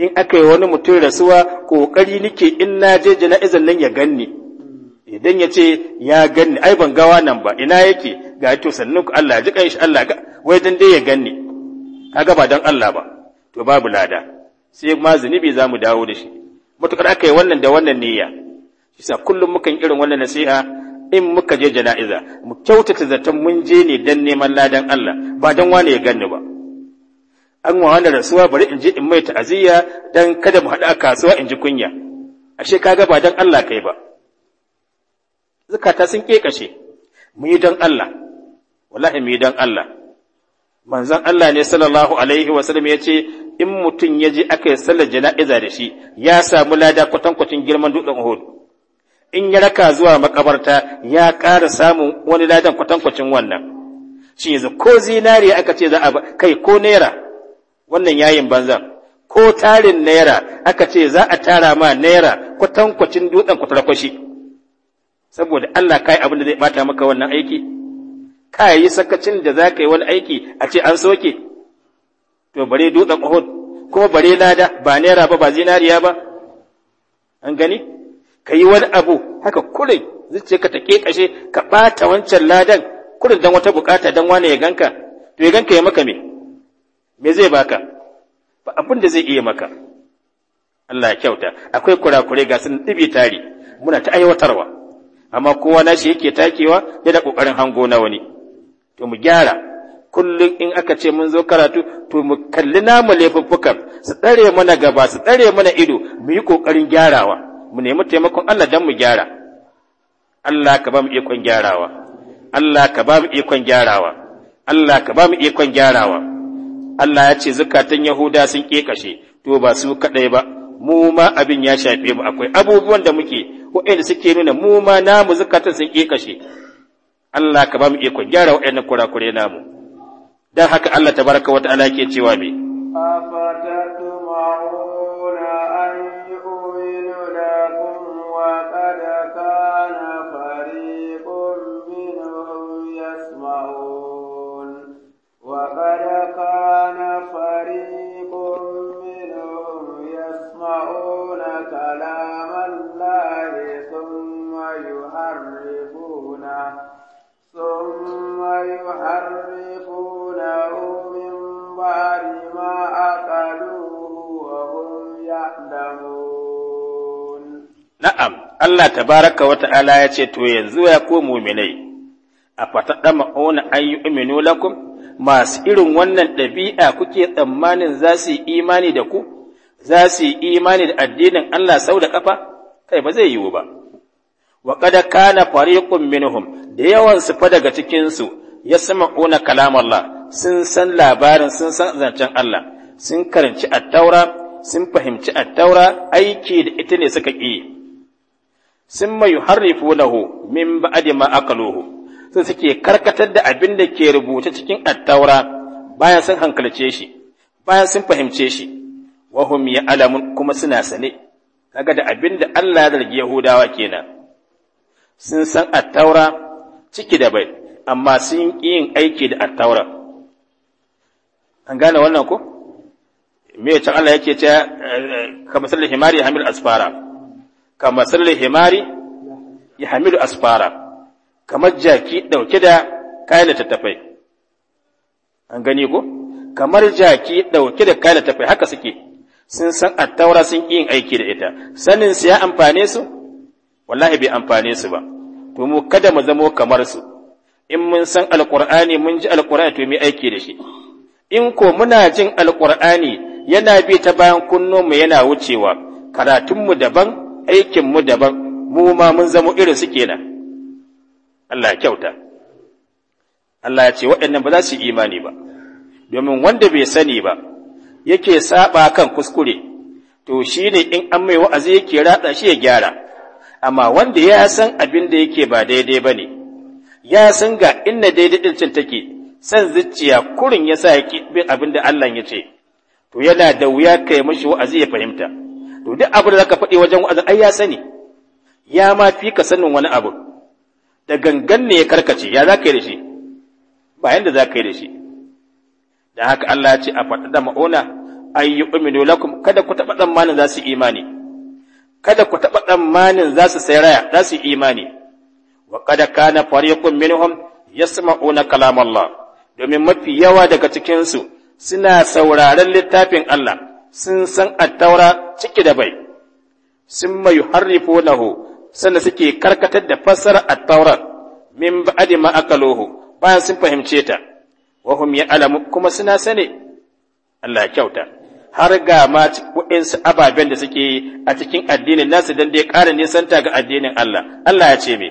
in aka yi wani mutum rasuwa kokari nake in na je jana'izan nan ya ganni idan ya ce ya ganni ai ban gawa nan ba ina yake ga to sannan ku Allah ji kan shi Allah ga wai dan dai ya ganni kaga ba dan Allah ba to babu lada sai ma zunubi za mu dawo da shi matukar aka yi wannan da wannan niyya shi sa kullum mukan irin wannan nasiha in muka je jana'iza mu kyautata zaton mun je ne dan neman ladan Allah ba dan wane ya ganni ba an wa wani rasuwa bari in je in mai ta'aziyya dan kada mu haɗa kasuwa in ji kunya ashe kaga ba dan Allah kai ba zakata sun kekashe mu yi dan Allah wallahi mu yi dan Allah manzon Allah ne sallallahu alaihi wasallam ya ce in mutum ya je aka yi sallar jana'iza da shi ya samu lada kwatankwacin girman dutsen Uhud in ya raka zuwa makabarta ya ƙara samun wani ladan kwatankwacin wannan shi yanzu ko zinari aka ce za a kai ko naira wannan yayin banzan ko tarin naira aka ce za a tara ma naira kwatankwacin dutsen kwatarkwashi saboda Allah kai abin da zai bata maka wannan aiki ka yi sakacin da za ka yi wani aiki a ce an soke to bare dutsen Uhud kuma bare lada ba naira ba ba zinariya ba an gani ka yi wani abu haka kurin ka take kashe ka ɓata wancan ladan kurin dan wata bukata dan wani ya ganka to ya ganka ya maka me me zai baka ba abin da zai iya maka Allah ya kyauta akwai kurakurai ga sun dibi tari muna ta aiwatarwa amma kowa na shi yake takewa ya da kokarin hango na wani to mu gyara kullum in aka ce mun zo karatu to mu kalli namu laifuffukan su tsare mana gaba su tsare mana ido mu yi ƙoƙarin gyarawa mu nemi taimakon Allah dan mu gyara Allah ka ba mu ikon gyarawa Allah ka ba mu ikon gyarawa Allah ka ba mu ikon gyarawa Allah ya ce zukatan Yahuda sun kekashe to ba su kadai ba mu ma abin ya shafe mu akwai abubuwan da muke waɗanda suke nuna mu ma namu zukatan sun kashe Allah ka ba mu ikon gyarawa waɗannan kurakure namu dan haka Allah tabaraka wata ta'ala yake cewa me يحرفونه من بعد ما ya وهم يعلمون نعم الله تبارك وتعالى يتو ينزو يقوم مني an أن يؤمنوا لكم masu irin wannan ɗabi'a kuke tsammanin za su yi imani da ku, za su yi imani da addinin Allah sau da ƙafa, kai ba zai yiwu ba. Wa kada kana fariqun minhum da yawan fa daga cikinsu ya sama una kalam Allah sun san labarin sun san zancen Allah sun karanci attaura sun fahimci attaura aiki da ita ne suka ƙi sun mai harrifu lahu min ba'di ma akaluhu sun suke karkatar da abin da ke rubuta cikin attaura bayan sun hankalce shi bayan sun fahimce shi wa ya alamun kuma suna sane kaga da abin da Allah ya zargi Yahudawa kenan sun san attaura ciki da bai amma sun yin aiki da attaura an gane wannan ko me ya Allah yake ce eh, eh, ka masallin himari ya hamilu asfara ka masallin himari ya hamilu asfara kamar jaki ɗauke da kayan littattafai an gani ko kamar jaki ɗauke da kayan littattafai haka suke sun san attaura sun yin aiki da ita sanin su ya amfane su wallahi bai amfane su ba to mu kada mu zamo kamar su in mun san alƙur'ani mun ji alƙur'ani to mu aiki da shi in ko muna jin alƙur'ani yana bi ta bayan mu yana wucewa karatunmu daban aikinmu daban mu ma mun zama irin su kenan Allah ya kyauta Allah ya ce waɗannan ba za su yi imani ba domin wanda bai sani ba yake saba kan kuskure to shi ne in an mai wa'azi yake ratsa shi ya gyara amma wanda ya san abin da yake ba daidai ba ne ya san ga inna daidai din cin take san zuciya kurin ya sa yake bin abin da Allah ya ce to yana da wuya kai mashi wa'azi ya fahimta to duk abin da zaka faɗi wajen wa'azi ai ya sani ya ma fi ka sanin wani abu da gangan ne ya karkace ya za ka yi da shi ba yanda za yi da shi dan haka Allah ya ce a faɗa da ma'ona ay yu'minu lakum kada ku taɓa tsammanin za su imani kada ku taɓa tsammanin za su raya, za su imani wa kada kana fariqun minhum yasma'una kalam Allah domin mafi yawa daga cikin su suna sauraron littafin Allah sun san attaura ciki da bai sun mai harrifunahu sannan suke karkatar da fassara attaura min ba'di ma bayan sun fahimce ta wa hum ya'lamu kuma suna sane Allah kyauta har ga ma waɗansu ababen da suke a cikin addinin nasu don dai ƙara nisanta ga addinin Allah. Allah ya ce mai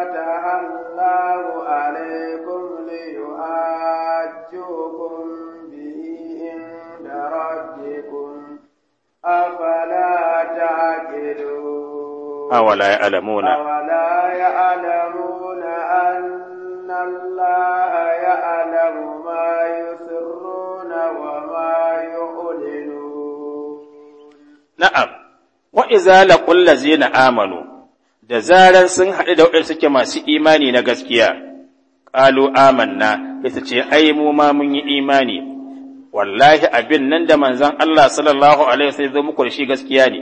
فتح الله عليكم به عند ربكم أفلا تعقلون أولا يعلمون أولا يعلمون أن الله يعلم ما يسرون وما يعلنون نعم وإذا لقوا الذين آمنوا da zaran sun haɗu da waɗanda suke masu imani na gaskiya ƙalu amanna ita ce ai mu ma mun yi imani wallahi abin nan da manzon Allah sallallahu alaihi wasallam zo muku da shi gaskiya ne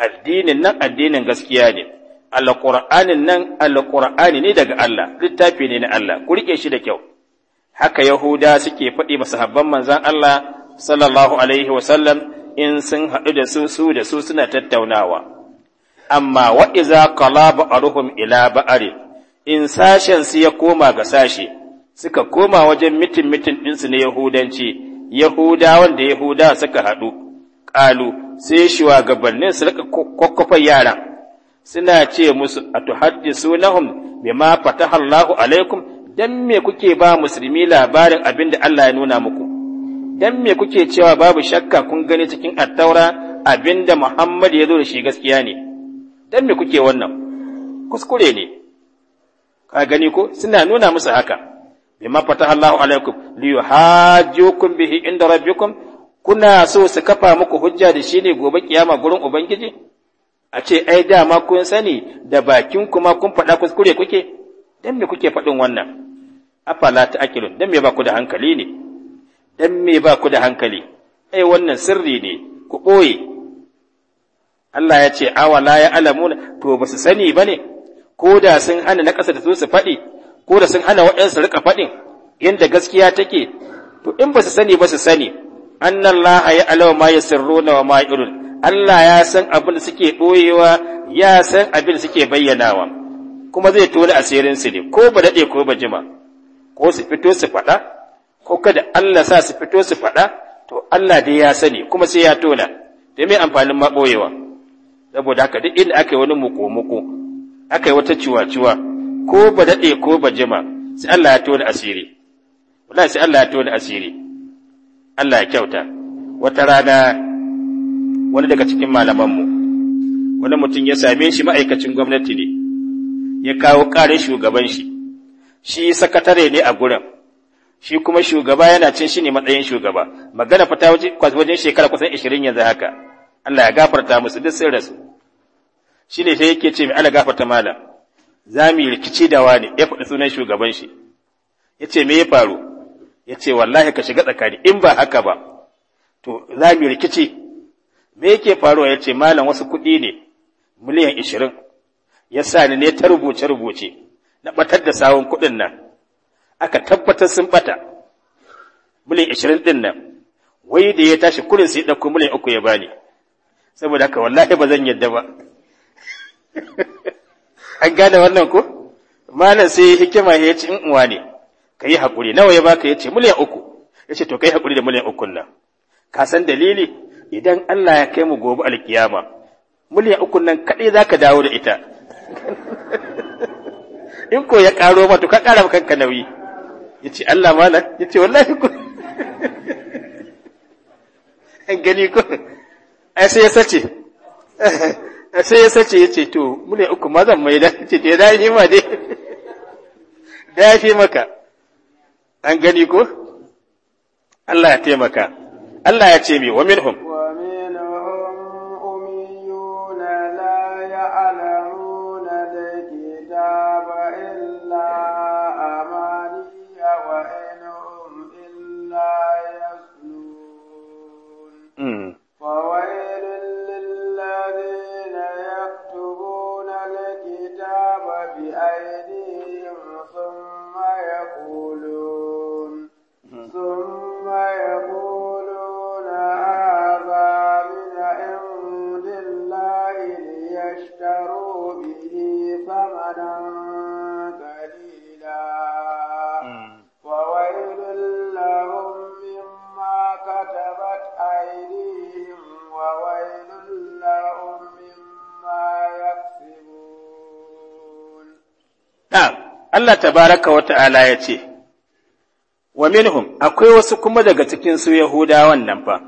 addinin nan addinin gaskiya ne alqur'anin nan alqur'ani ne daga Allah littafi ne na Allah ku rike shi da kyau haka yahuda suke faɗi masahabban manzon Allah sallallahu alaihi wasallam in sun haɗu da su su da su suna tattaunawa amma wa iza a ba'ruhum ila baari in sashen su ya koma ga sashe suka koma wajen mitin mitin din su yahudanci yahudawan da yahuda suka haɗu ƙalu sai shugabannin su rika kokkofa yara. suna ce musu a atuhaddisunahum bima fataha Allahu alaikum dan me kuke ba musulmi labarin abin da Allah ya nuna muku dan me kuke cewa babu shakka kun gani cikin attaura abin da Muhammad ya zo da shi gaskiya ne dan me kuke wannan kuskure ne ka gani ko suna nuna musu haka bima fataha Allahu alaikum li yuhajjukum bihi inda rabbikum kuna so su kafa muku hujja da shi ne gobe kiyama gurin ubangiji a ce ai dama kun sani da bakin kuma kun faɗa kuskure kuke dan me kuke faɗin wannan afala ta'qilun dan me ba ku da hankali ne dan me ba ku da hankali ai wannan sirri ne ku ɓoye Allah ya ce awala ya alamu to ba su sani ba ne ko da sun hana na ƙasa da su su faɗi ko da sun hana waɗansu rika faɗin inda gaskiya take to in ba su sani ba su sani la ya alama ma yasirruna wa ma Allah ya san abin da suke ɓoyewa ya san abin suke bayyanawa kuma zai tona asirinsu ne ko ba daɗe ko ba jima ko su fito su faɗa ko kada Allah sa su fito su faɗa to Allah dai ya sani kuma sai ya tona da mai amfanin maɓoyewa saboda haka duk inda aka yi wani muku-muku aka yi wata ciwa-ciwa ko ba daɗe ko ba jima sai Allah ya tona asiri wallahi sai Allah ya tona asiri Allah ya kyauta wata rana wani daga cikin malamanmu wani mutum ya same shi ma'aikacin gwamnati ne ya kawo ƙarin shugaban shi shi sakatare ne a gurin shi kuma shugaba yana cin shi ne matsayin shugaba magana fita wajen shekara kusan 20 yanzu haka Allah ya gafarta musu duk sun rasu shi ne sai yake ce mai ala gafarta malam za mu yi rikici da wani ya faɗi sunan shugaban shi ya ce me ya faru ya ce wallahi ka shiga tsakani in ba haka ba to za mu yi rikici me yake faruwa ya ce malam wasu kuɗi ne miliyan ishirin ya sa ni ne ta rubuce rubuce na ɓatar da sawun kuɗin nan aka tabbatar sun ɓata miliyan ishirin ɗin nan wai da ya tashi kurin sai ɗauko miliyan uku ya bani saboda haka wallahi ba zan yadda ba an gane wannan ko malam sai hikima ya ce in uwa ne ka yi haƙuri nawa ya baka ya ce miliyan uku ya ce to ka yi haƙuri da miliyan uku nan ka san dalili idan Allah ya kai mu gobe alkiyama miliyan uku nan kaɗai za ka dawo da ita in ko ya ƙaro ma to ka ƙara ma kanka nauyi ya ce Allah malam ya ce wallahi ku an gani ko ai sai ya sace sai ya sace ya ce to mune uku ma zan mai dace ce da ya ma dai da ya fi maka an gani ko Allah ya taimaka Allah ya ce mi wa minhum Allah tabaraka wa ta'ala ya ce, Wa minhum akwai wasu kuma daga cikin su Yahudawan nan ba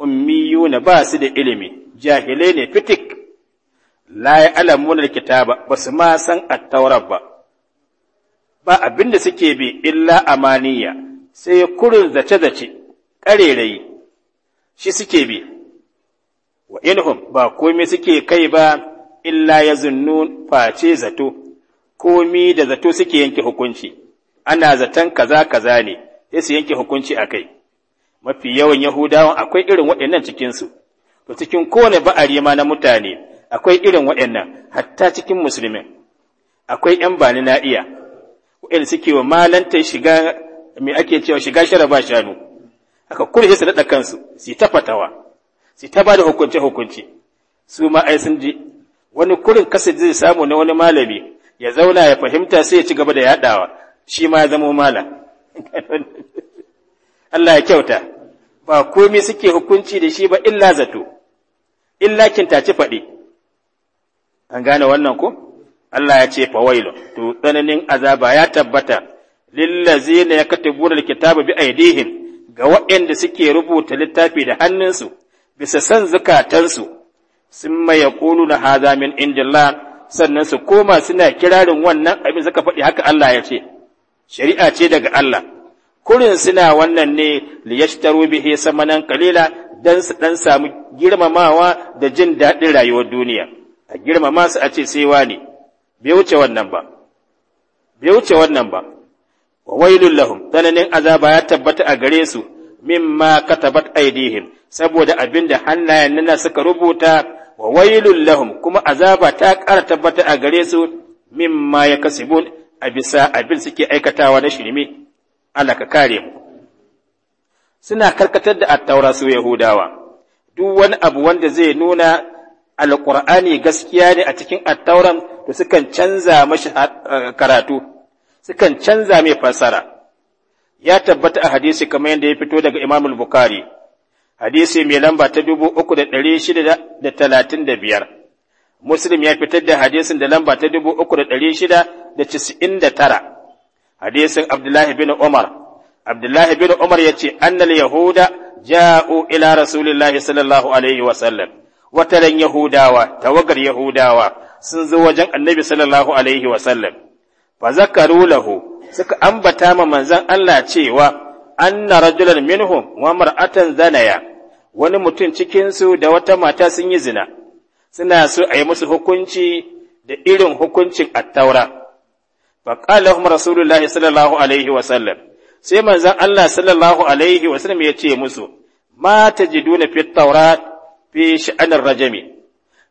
ummiyuna ba su da ilimi, jahilai ne fitik, la ya alamunar kitaba ba su ma san attaurar ba, ba abin da suke bi illa amaniya sai kurin zace-zace, ƙarerayi, shi suke bi, wa inhum ba komai suke kai ba illa ya zunnun face zato. komi da zato suke yanke hukunci ana zaton kaza kaza ne sai su yanke hukunci a kai mafi yawan Yahudawa akwai irin waɗannan cikinsu to cikin kowane ba'ari ma na mutane akwai irin waɗannan hatta cikin musulmin akwai ‘yan bani na iya waɗanda suke wa malanta shiga me ake cewa shiga shara ba shanu haka sai su daɗa kansu su ta fatawa su ta ba da hukunce hukunci su ma ai sun ji wani kurin kasa zai samu na wani malami ya zauna ya fahimta sai ya ci gaba da yaɗawa shi ma ya zama malam Allah ya kyauta ba komai suke hukunci da shi ba illa zato illa ci faɗi an gane wannan ko Allah ya ce fawailo to tsananin azaba ya tabbata lillazina yakatubuna alkitaba bi aidihim ga waɗanda suke rubuta littafi da hannunsu bisa san zukatansu sun mai ya na haza min indillah sannan su koma suna kirarin wannan abin suka faɗi haka Allah ya ce shari'a ce daga Allah kurin suna wannan ne liyashtaru bihi samanan kalila don su ɗan samu girmamawa da jin daɗin rayuwar duniya a girmama su a ce sai wani bai wuce wannan ba bai wuce wannan ba wa lahum tsananin azaba ya tabbata a gare su mimma katabat aidihim saboda abinda hannayen nuna suka rubuta wa wailul lahum kuma azaba ta ƙara tabbata a gare su mimma ya kasibun a bisa abin suke aikatawa na shirme Allah ka kare mu suna karkatar da attaura su yahudawa duk wani abu wanda zai nuna alqur'ani gaskiya ne a cikin attauran to sukan canza mashi karatu sukan canza mai fassara ya tabbata a hadisi kamar yadda ya fito daga imamul bukari. hadisi mai lamba ta dubu uku da ɗari shida da talatin da biyar muslim ya fitar da hadisin da lamba ta dubu uku da ɗari shida da cisi'in da tara hadisin abdullahi bin umar abdullahi bin umar ya ce annal yahuda ja'u ila rasulillahi sallallahu alaihi wa sallam yahudawa tawagar yahudawa sun zo wajen annabi sallallahu alaihi wa sallam fa lahu suka ambata ma manzan Allah cewa anna rajulan minhum wa mar'atan zanaya wani mutum cikinsu da wata mata sun yi zina, suna so a yi musu hukunci da irin hukuncin attaura. Faƙalahum Rasulullahi sallallahu Alaihi wasallam, sai manzan Allah sallallahu Alaihi wasallam ya ce musu, Ma ta ji duna fi taura fi sha'anar rajami,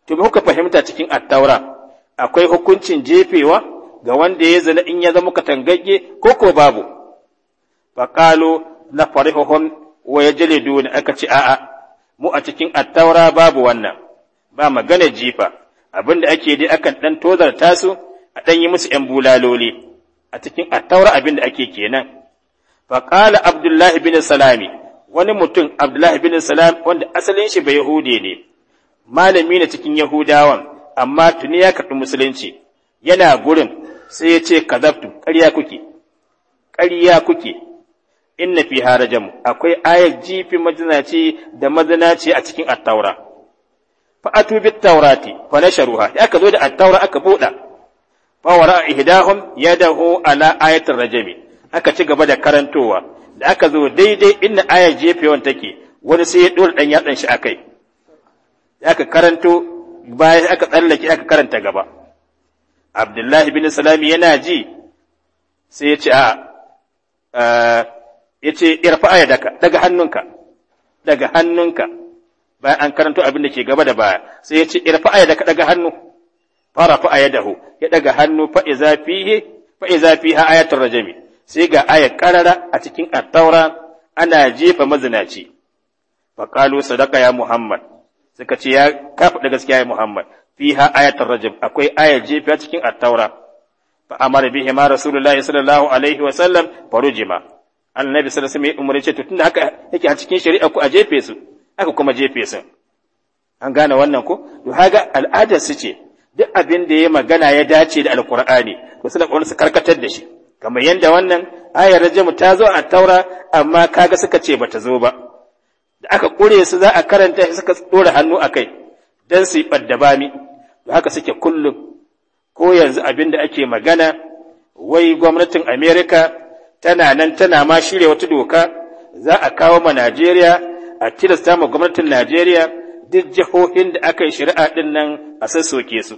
to kuka fahimta cikin attaura, akwai hukuncin jefewa ga wanda ya zina in ya zama katangagge ko ko babu. Faƙalo na farihuhun wa ya jale duna aka ce a'a mu a cikin attaura babu wannan ba magana jifa abin da ake dai akan ɗan tozarta su a ɗan yi musu ‘yan bulaloli a cikin attaura abin da ake kenan faƙala abdullahi bin salami wani mutum abdullahi bin salam wanda asalin shi bai yahude ne malami na cikin yahudawan amma tuni ya karɓi musulunci yana gurin sai ya ce kazabtu ƙarya kuke ƙarya kuke inna fi harajam akwai ayar jifi mazinaci da mazinaci a cikin attaura fa atu bit taurati fa nasharuha aka zo da attaura aka buɗa fa wara ihdahum yadahu ala ayatir rajami aka ci gaba da karantowa da aka zo daidai inda ayar jefewan take wani sai ya dora dan yatsan shi akai aka karanto bayan aka tsallake aka karanta gaba abdullahi bin salami yana ji sai ya ce a ya ce irfa ya daga hannunka daga hannunka bayan an karanto abin da ke gaba da baya sai ya ce irfa ya daga hannu fara fa ya ya daga hannu fa iza fihi fa iza fiha ayatul rajmi sai ga aya karara a cikin at-taura ana jefa mazinaci fa qalu sadaka ya muhammad suka ce ya kafa da gaskiya ya muhammad fiha ayatul rajm akwai aya jefa cikin at-taura fa amara bihi ma rasulullahi sallallahu alaihi wa sallam farujima annabi sallallahu alaihi wasallam ya umurce to tunda haka yake a cikin shari'a ku a jefe su aka kuma jefe su an gane wannan ko to haga al'ada su ce duk abin da ya magana ya dace da alqur'ani to suna ƙoƙarin su karkatar da shi kamar yadda wannan ayar rajam ta zo a taura amma kaga suka ce bata zo ba da aka kure su za a karanta suka dora hannu akai dan su yi baddabami to haka suke kullum ko yanzu abin da ake magana wai gwamnatin america. tana nan tana ma shirya wata doka za a kawo ma Najeriya a tilasta ma gwamnatin Najeriya duk jihohin da aka yi shari'a din nan a sassoke su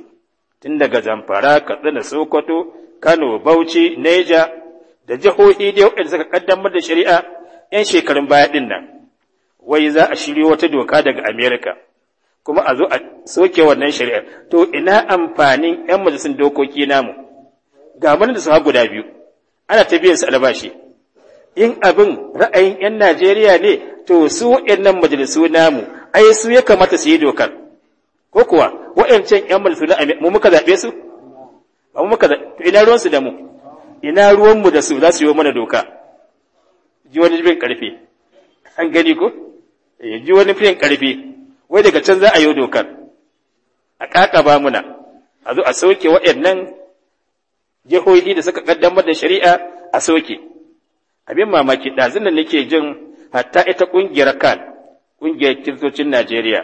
tun daga Zamfara, Katsina, Sokoto, Kano, Bauchi, Neja da jihohi da yau suka kaddamar da shari'a 'yan shekarun baya din nan wai za a shirya wata doka daga Amerika kuma a zo a soke wannan shari'a to ina amfanin 'yan majalisun dokoki namu ga da su guda biyu ana ta biyan su albashi in abin ra'ayin 'yan Najeriya ne to su waɗannan majalisu namu ai su ya kamata su yi dokar ko kuwa waɗancan 'yan majalisu na mu muka zaɓe su ba mu muka to ina ruwan su da mu ina ruwan mu da su za su yi mana doka ji wani jibin ƙarfi an gani ko eh, ji wani fin ƙarfi wai daga can za a yi dokar a ƙaƙa ba muna a zo a sauke waɗannan jihohi da suka kaddamar da shari'a a soke abin mamaki ɗazin da nake jin hatta ita ƙungiyar kan ƙungiyar kiristocin najeriya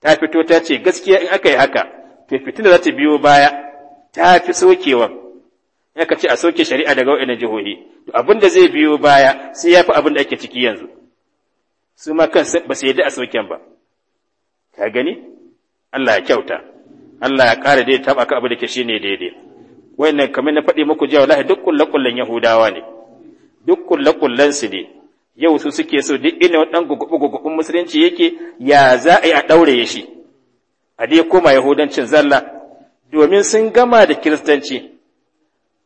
ta fito ta ce gaskiya in aka yi haka to fitin da za ta biyo baya ta fi sokewa in aka ce a soke shari'a daga wa'in jihohi to abin da zai biyo baya sai ya fi abin da ake ciki yanzu su ma kan ba su yadda a soken ba ka gani Allah ya kyauta Allah ya ƙara dai taɓa ka abu da ke shi ne daidai wayannan kamar na faɗi muku jiya wallahi duk kullakullan yahudawa ne duk kullakullan su ne yau su suke so duk inda gugu gugu gugubun musulunci yake ya za a yi a ɗaure shi a dai koma yahudancin zalla domin sun gama da kiristanci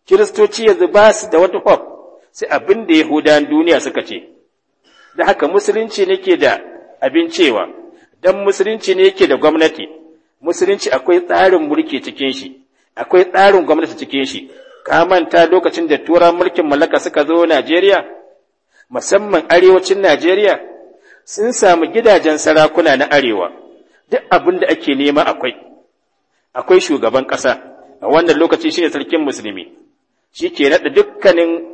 kiristoci yanzu ba su da wata hope sai abin da yahudan duniya suka ce da haka musulunci ne ke da abin cewa dan musulunci ne yake da gwamnati musulunci akwai tsarin mulki cikin shi akwai tsarin gwamnati cikin shi ka manta lokacin da turan mulkin mallaka suka zo Najeriya musamman arewacin Najeriya sun samu gidajen sarakuna na arewa duk abin da ake nema akwai akwai shugaban ƙasa a wannan lokaci shine sarkin musulmi shi ke naɗa dukkanin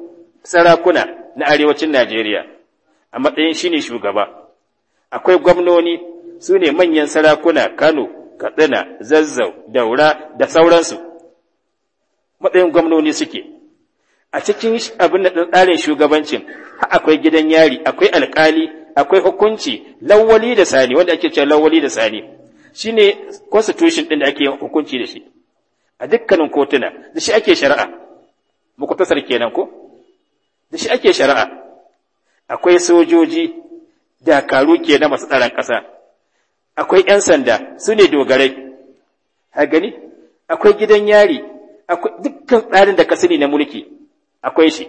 sarakuna na arewacin Najeriya a matsayin shine shugaba akwai gwamnoni su ne manyan sarakuna Kano Katsina Zazzau Daura da sauransu matsayin gwamnoni suke a cikin abin da tsarin shugabancin akwai gidan yari akwai alkali akwai hukunci lawali da sani wanda ake cewa lawali da sani shine constitution din da ake hukunci da shi a dukkanin kotuna da shi ake shari'a muku mukutasar kenan ko da shi ake shari'a akwai sojoji dakaru na masu tsaron ƙasa akwai 'yan sanda su ne dogarai a gani akwai gidan yari akwai dukkan tsarin da ka sani na mulki akwai shi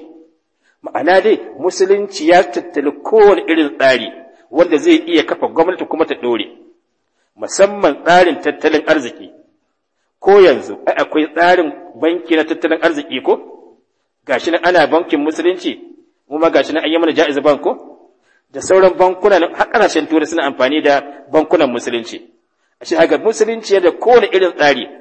ma'ana dai musulunci ya tattali kowane irin tsari wanda zai iya kafa gwamnati kuma ta dore musamman tsarin tattalin arziki ko yanzu ai akwai tsarin banki na tattalin arziki ko gashi nan ana bankin musulunci kuma gashi nan an mana ja'iz bank ko da sauran bankuna har ƙasashen turai suna amfani da bankunan musulunci a shi musulunci musulunci da kowane irin tsari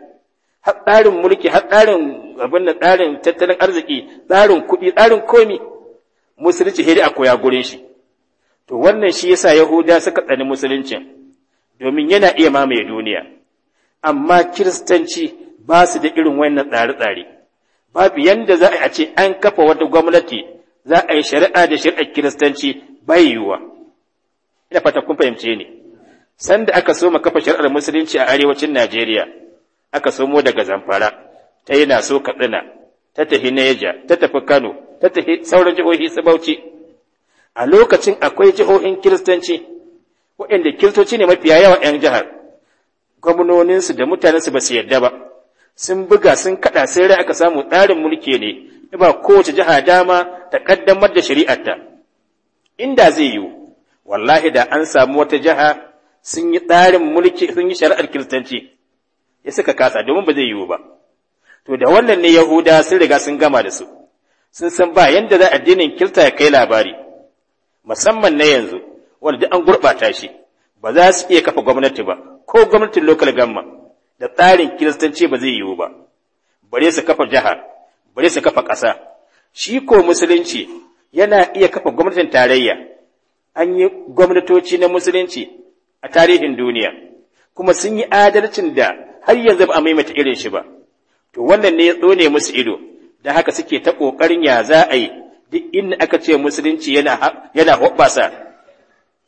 har tsarin mulki har tsarin abin da tsarin tattalin arziki tsarin kuɗi tsarin komi musulunci hiri a koya gurin shi to wannan shi yasa yahuda suka tsani musuluncin domin yana iya mamaye duniya amma kiristanci ba su da irin wannan tsare-tsare babu yanda za a ce an kafa wata gwamnati za a yi shari'a da shari'ar kiristanci bai yiwuwa ina fata kun fahimce ni sanda aka so mu kafa shari'ar musulunci a arewacin najeriya aka samo daga zamfara ta yi naso katsina ta tafi neja ta tafi kano ta tafi sauran jihohi su Bauci. a lokacin akwai jihohin kiristanci waɗanda kiristoci ne mafiya yawa 'yan jihar gwamnoninsu da mutanensu ba su yarda ba sun buga sun kaɗa sai rai aka samu tsarin mulki ne ba kowace jiha dama ta ƙaddamar da shari'arta inda zai yiwu wallahi da an samu wata jiha sun yi tsarin mulki sun yi shari'ar kiristanci ya suka kasa domin ba zai yiwu ba to da wannan ne yahuda sun riga sun gama da su sun san ba yadda za addinin kilta ya kai labari musamman na yanzu wanda an gurɓata shi ba za su iya kafa gwamnati ba ko gwamnatin local gamma da tsarin kiristanci ba zai yiwu ba bare su kafa jiha bare su kafa ƙasa shi ko musulunci yana iya kafa gwamnatin tarayya an yi gwamnatoci na musulunci a tarihin duniya kuma sun yi adalcin da har yanzu ba a maimaita irin shi ba to wannan ne ya tsone musu ido da haka suke ta ƙoƙarin ya za a yi duk inda aka ce musulunci yana yana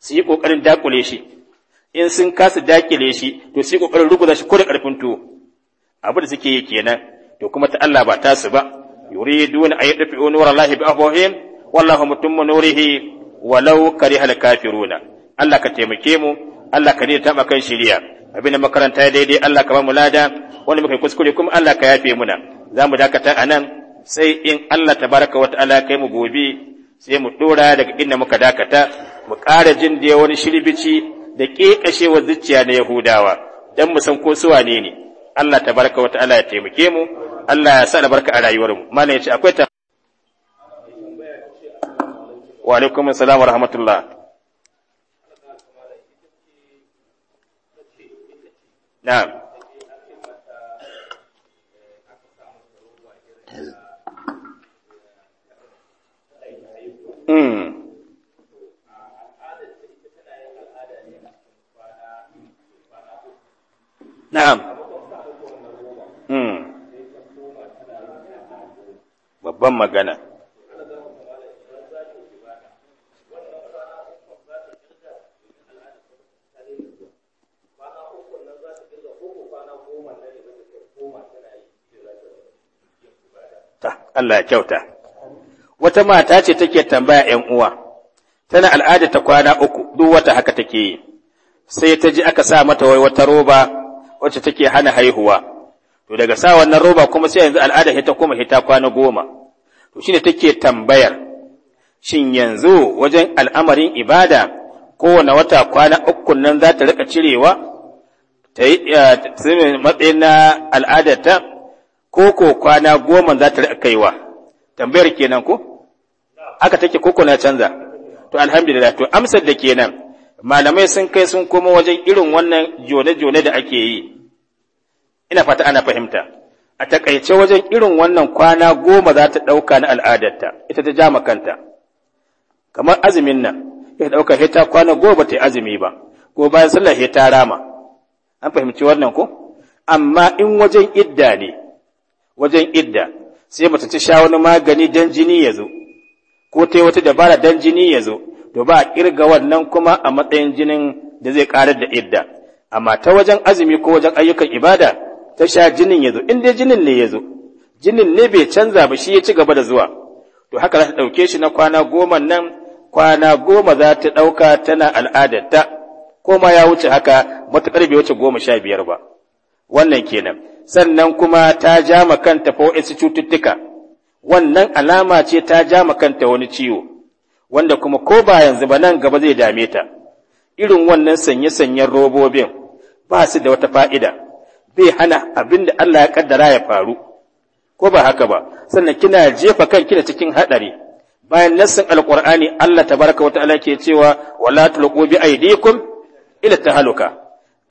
su yi ƙoƙarin dakule shi in sun kasa dakile shi to su yi ƙoƙarin ruguza shi ko da ƙarfin tuwo abin da suke yi kenan to kuma ta Allah ba ta su ba yuriduna an yadfi'u nurallahi bi afwahihim wallahu mutimmu nurihi walau karihal kafiruna Allah ka taimake mu Allah ka ne ta kan shiriya abin da makaranta daidai Allah ka ba mu lada wanda muka kuskure kuma Allah ka yafe muna za mu dakata a nan sai in Allah ta baraka wata ala kai mu gobe sai mu dora daga inda muka dakata mu ƙara jin da wani shirbici da ƙeƙashewa zuciya na Yahudawa dan mu san ko su wane ne Allah ta baraka wata ala ya taimake mu Allah ya sa albarka a rayuwar mu mallam ya ce akwai ta wa wa rahmatullah na'am Mm. Na'am. Mm. Babban magana. Allah ya kyauta wata mata ce take tambaya ‘yan uwa tana al'ada ta kwana uku duk wata haka take yi sai ta ji aka sa mata wai wata roba wacce take hana haihuwa to daga sa wannan roba kuma sai yanzu al'ada hita kuma hita kwana goma to shi ne take tambayar shin yanzu wajen al'amarin ibada kowane wata kwana uku nan za ta riƙa cirewa ta yi eh, matsayin na al'adarta Koko kwana goma za ta kaiwa tambayar kenan ko haka take koko na canza to alhamdulillah to amsar da kenan malamai sun kai sun koma wajen irin wannan jone-jone da ake yi ina fata ana fahimta a takaice wajen irin wannan kwana goma za ta ɗauka na al'adarta ita ta jama kanta kamar azumin nan ita ɗauka hita kwana goma ta azumi ba ko bayan sallar hita rama an fahimci wannan ko amma in wajen idda ne wajen idda sai mace ta sha wani magani dan jini ya zo ko ta yi wata dabara dan jini ya zo to ba a kirga wannan kuma a matsayin jinin da zai karar da idda amma ta wajen azumi ko wajen ayyukan ibada ta sha jinin ya zo in dai jinin ne ya zo jinin ne bai canza ba shi ya ci gaba da zuwa to haka za ta ɗauke shi na kwana goma nan kwana goma za ta ɗauka tana al'adarta ko ma ya wuce haka matuƙar bai wuce goma sha biyar ba wannan kenan sannan kuma ta ja kanta fa waɗansu cututtuka wannan alama ce ta ja kanta wani ciwo wanda kuma ko ba yanzu ba nan gaba zai dame ta irin wannan sanye-sanyen robobin ba su da wata fa'ida bai hana abin da Allah ya kaddara ya faru ko ba haka ba sannan kina jefa kanki da cikin haɗari bayan nassin alƙur'ani Allah tabaraka wa ta'ala ke cewa wala tulqu bi aydikum ila tahaluka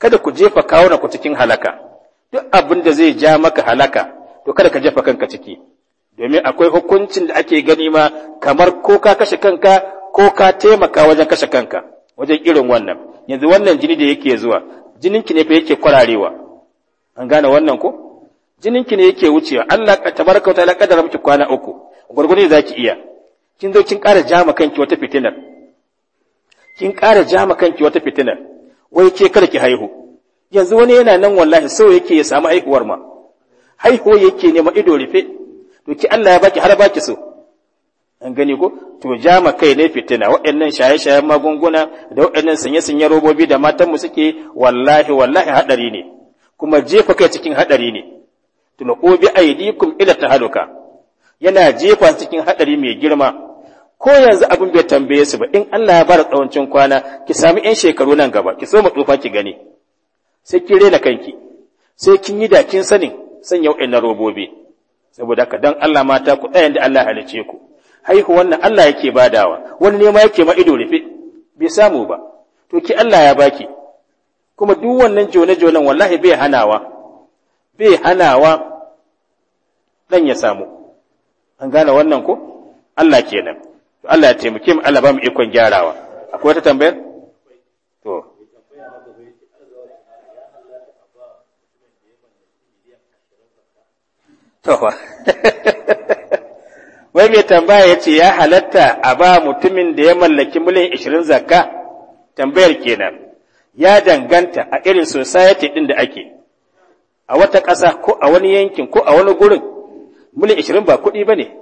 kada ku jefa kawuna ku cikin halaka duk abin da zai ja maka halaka to kada ka jefa kanka ciki domin akwai hukuncin da ake gani ma kamar ko ka kashe kanka ko ka taimaka wajen kashe kanka wajen irin wannan yanzu wannan jini da yake zuwa jininki ne fa yake kwararewa an gane wannan ko jininki ne yake wucewa Allah tabaraka wa ta'ala kadara miki kwana uku gurgurne zaki iya kin zo kin kara jama kanki wata fitinar kin ƙara jama kanki wata fitinar wai ke kada ki haihu yanzu wani yana nan wallahi so yake ya samu aihuwar ma haihuwa yake nema ido rufe to ki Allah ya baki har baki so an gani ko to jama kai ne fitina waɗannan shaye-shayen magunguna da waɗannan sanye-sanye robobi da matan mu suke wallahi wallahi hadari ne kuma jefa kai cikin hadari ne tunuqu bi aidikum ila tahaluka yana jefa cikin hadari mai girma ko yanzu abin bai tambaye su ba in Allah ya bar tsawancin kwana ki sami yan shekaru nan gaba ki so mu tsufa ki gani sai ki rena kanki sai kin yi da kin sanin sanya wa'annan robobi saboda ka dan Allah mata ku tsayan da Allah halice ku haihu wannan Allah yake badawa wani ne ma yake ma ido rufe bai samu ba to ki Allah ya baki kuma duk wannan jona jonen wallahi bai hanawa bai hanawa dan ya samu an gane wannan ko Allah kenan Allah ya taimake mu Allah ba mu ikon gyarawa akwai wata tambayar to towa wai mai tambaya ya ce ya halatta a ba mutumin da ya mallaki miliyan ishirin zakka tambayar kenan ya danganta a irin society ɗin da ake a wata ƙasa ko a wani yankin ko a wani gurin miliyan ishirin ba kuɗi ba ne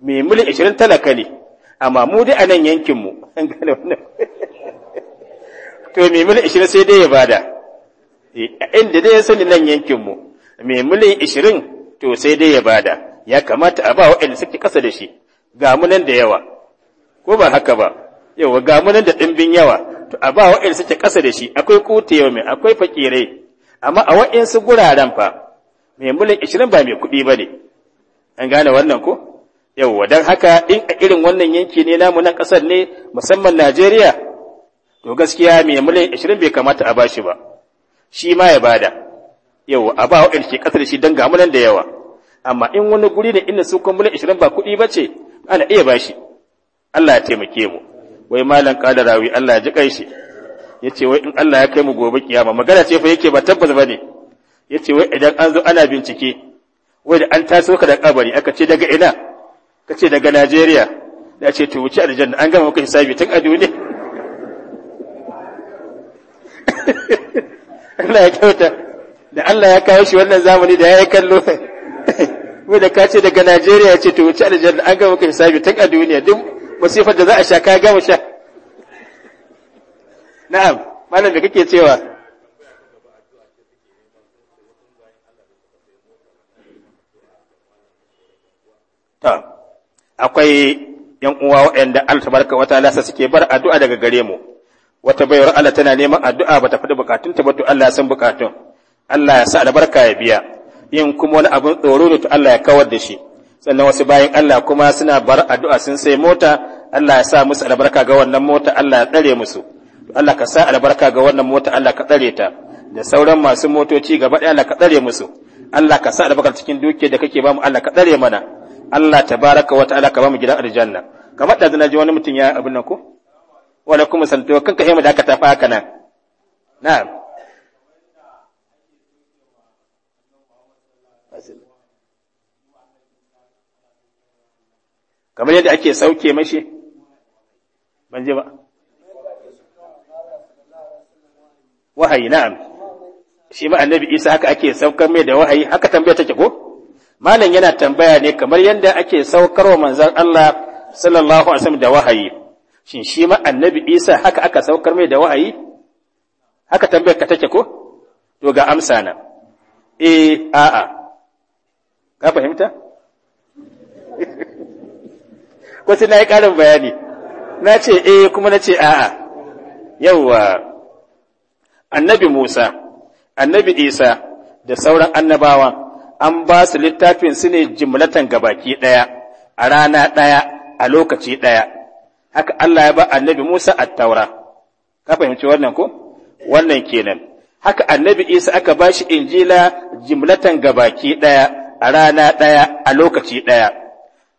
mai miliyan ishirin talaka ne amma mu dai a nan yankinmu an gane wannan to mai mili ishirin sai dai ya bada eh, inda dai ya sani nan yankinmu mai mili ishirin to sai dai ya bada ya kamata a ba waɗanda suke ƙasa da shi ga mu nan da yawa ko ba haka ba yawa ga mu nan da ɗimbin yawa to a ba waɗanda suke ƙasa da shi akwai kutewa yau mai akwai fakirai amma a waɗansu guraren fa mai miliyan ishirin ba mai kuɗi ba ne an gane wannan ko yauwa don haka in a irin wannan yanki ne namu na ƙasar ne musamman najeriya to gaskiya mai miliyan ashirin bai kamata a bashi ba shi ma ya bada yauwa a ba waɗanda ke ƙasar shi don gamunan da yawa amma in wani guri ne inda su kuma miliyan ashirin ba kuɗi ba ce ana iya bashi allah ya taimake mu wai malam rawi allah ya ji ƙanshi ya ce wai in allah ya kai mu gobe kiyama magana ce fa yake ba tabbas ba ne ya ce wai idan an zo ana bincike wai da an taso ka da kabari aka ce daga ina ka ce daga Najeriya da ce to wuce aljanna an gama maka hisabi tun a duniya Allah ya kyauta da Allah ya kawo shi wannan zamani da ya yi kallo mu da ka ce daga Najeriya ce to wuce aljanna an gama maka hisabi tun a duniya duk masifar da za a sha ka gama sha na'am malam da kake cewa ta akwai ‘yan uwa waɗanda Allah tabaraka wa ta'ala suke bar addu'a daga gare mu, wata baiwar Allah tana neman addu'a ba ta faɗi bukatun ba to Allah ya san bukatun, Allah ya sa albarka ya biya, yin kuma wani abin tsoro da to Allah ya kawar da shi, sannan wasu bayan Allah kuma suna bar addu'a sun sai mota, Allah ya sa musu albarka ga wannan mota, Allah ya tsare musu, Allah ka sa albarka ga wannan mota, Allah ka tsare ta, da sauran masu motoci gaba ɗaya Allah ka tsare musu, Allah ka sa albarka cikin dukiyar da kake bamu Allah ka tsare mana. Allah ta wa ta'ala ka ba mu gidan aljanna kamar da na ji wani mutum ya abin nan ko wala kuma santo kanka hema da aka tafi haka nan na'am kamar yadda ake sauke mashi ban ji ba wahayi na'am shi ma annabi isa haka ake saukar mai da wahayi haka tambaya take ko malam yana tambaya ne kamar yadda ake saukarwa manzon Allah sallallahu alaihi wasallam da wahayi shin shi ma annabi Isa haka aka saukar mai da wahayi haka tambayar ka take ko to ga amsa na eh a'a ka fahimta ko sai na yi ƙarin bayani na ce eh kuma na ce a'a yawwa annabi Musa annabi Isa da sauran annabawan. an ba su littafin su ne jimlatan gabaki ɗaya a rana ɗaya a lokaci ɗaya haka Allah ya ba annabi Musa a taura ka fahimci wannan ko wannan kenan haka annabi Isa aka ba shi injila jimlatan gabaki ɗaya a rana ɗaya a lokaci ɗaya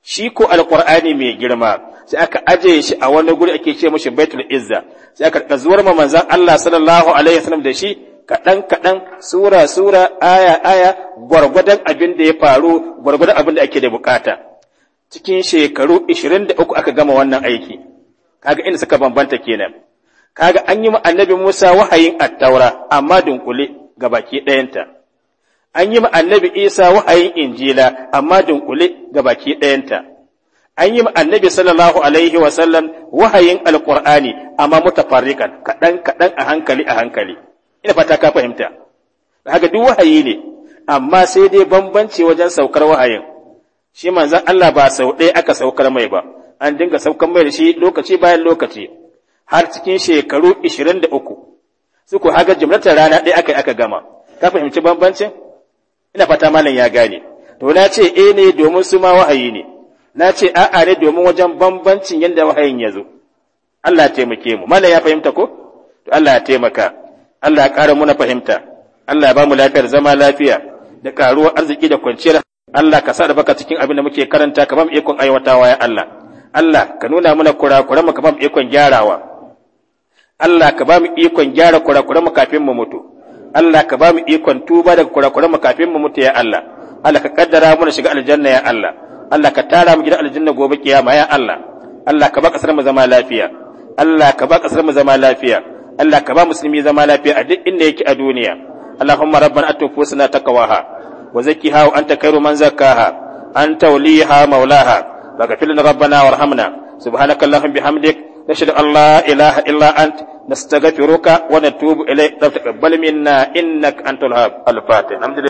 shi ko alƙur'ani mai girma sai aka ajiye shi a wani guri ake ce mashi baitul izza sai aka rika zuwar manzon Allah sallallahu alaihi wasallam da shi kaɗan kaɗan sura sura aya aya gwargwadon abin da ya faru gwargwadon abin da ake da bukata cikin shekaru 23 aka gama wannan aiki kaga inda suka bambanta kenan kaga an yi annabi Musa wahayin attaura amma dunkule ga baki ɗayanta an yi annabi Isa wahayin injila amma dunkule ga baki ɗayanta an yi ma annabi sallallahu alaihi wa sallam wahayin Alƙur'ani, amma mutafarriqan kaɗan kaɗan a hankali a hankali ina fata ka fahimta haka duk wahayi ne amma sai dai bambanci wajen saukar wahayin shi manzon Allah ba sau ɗaya aka saukar mai ba an dinga saukar mai da shi lokaci bayan lokaci har cikin shekaru 23 su haka rana ɗaya aka aka gama ka fahimci bambancin ina fata malam ya gane to na ce eh ne domin su ma wahayi ne na ce a'a ne domin wajen bambancin yadda wahayin ya zo Allah ya taimake mu malam ya fahimta ko to Allah ya taimaka Allah ya ƙara muna fahimta Allah ya ba mu lafiyar zama lafiya da ƙaruwar arziki da kwanciyar Allah ka sa da baka cikin abin da muke karanta ka bam ikon aiwatawa ya Allah Allah ka nuna mana kurakura mu ka bam ikon gyarawa Allah ka ba mu ikon gyara kurakura mu kafin mu mutu Allah ka ba mu ikon tuba daga kurakura mu kafin mu mutu ya Allah Allah ka kaddara mu shiga aljanna ya Allah Allah ka tara mu gidan aljanna gobe kiyama ya Allah Allah ka ba kasar mu zama lafiya Allah ka ba kasar mu zama lafiya Allah ka ba musulmi zama lafiya a duk inda yake a duniya Allahumma rabban atu fusana takawaha wa zakkiha wa anta khairu man zakkaha anta waliha maulaha faghfir lana rabbana warhamna subhanaka allahumma bihamdik nashhadu an la ilaha illa ant nastaghfiruka wa natubu ilayk tabaqbal minna innaka antal wahhab al fatih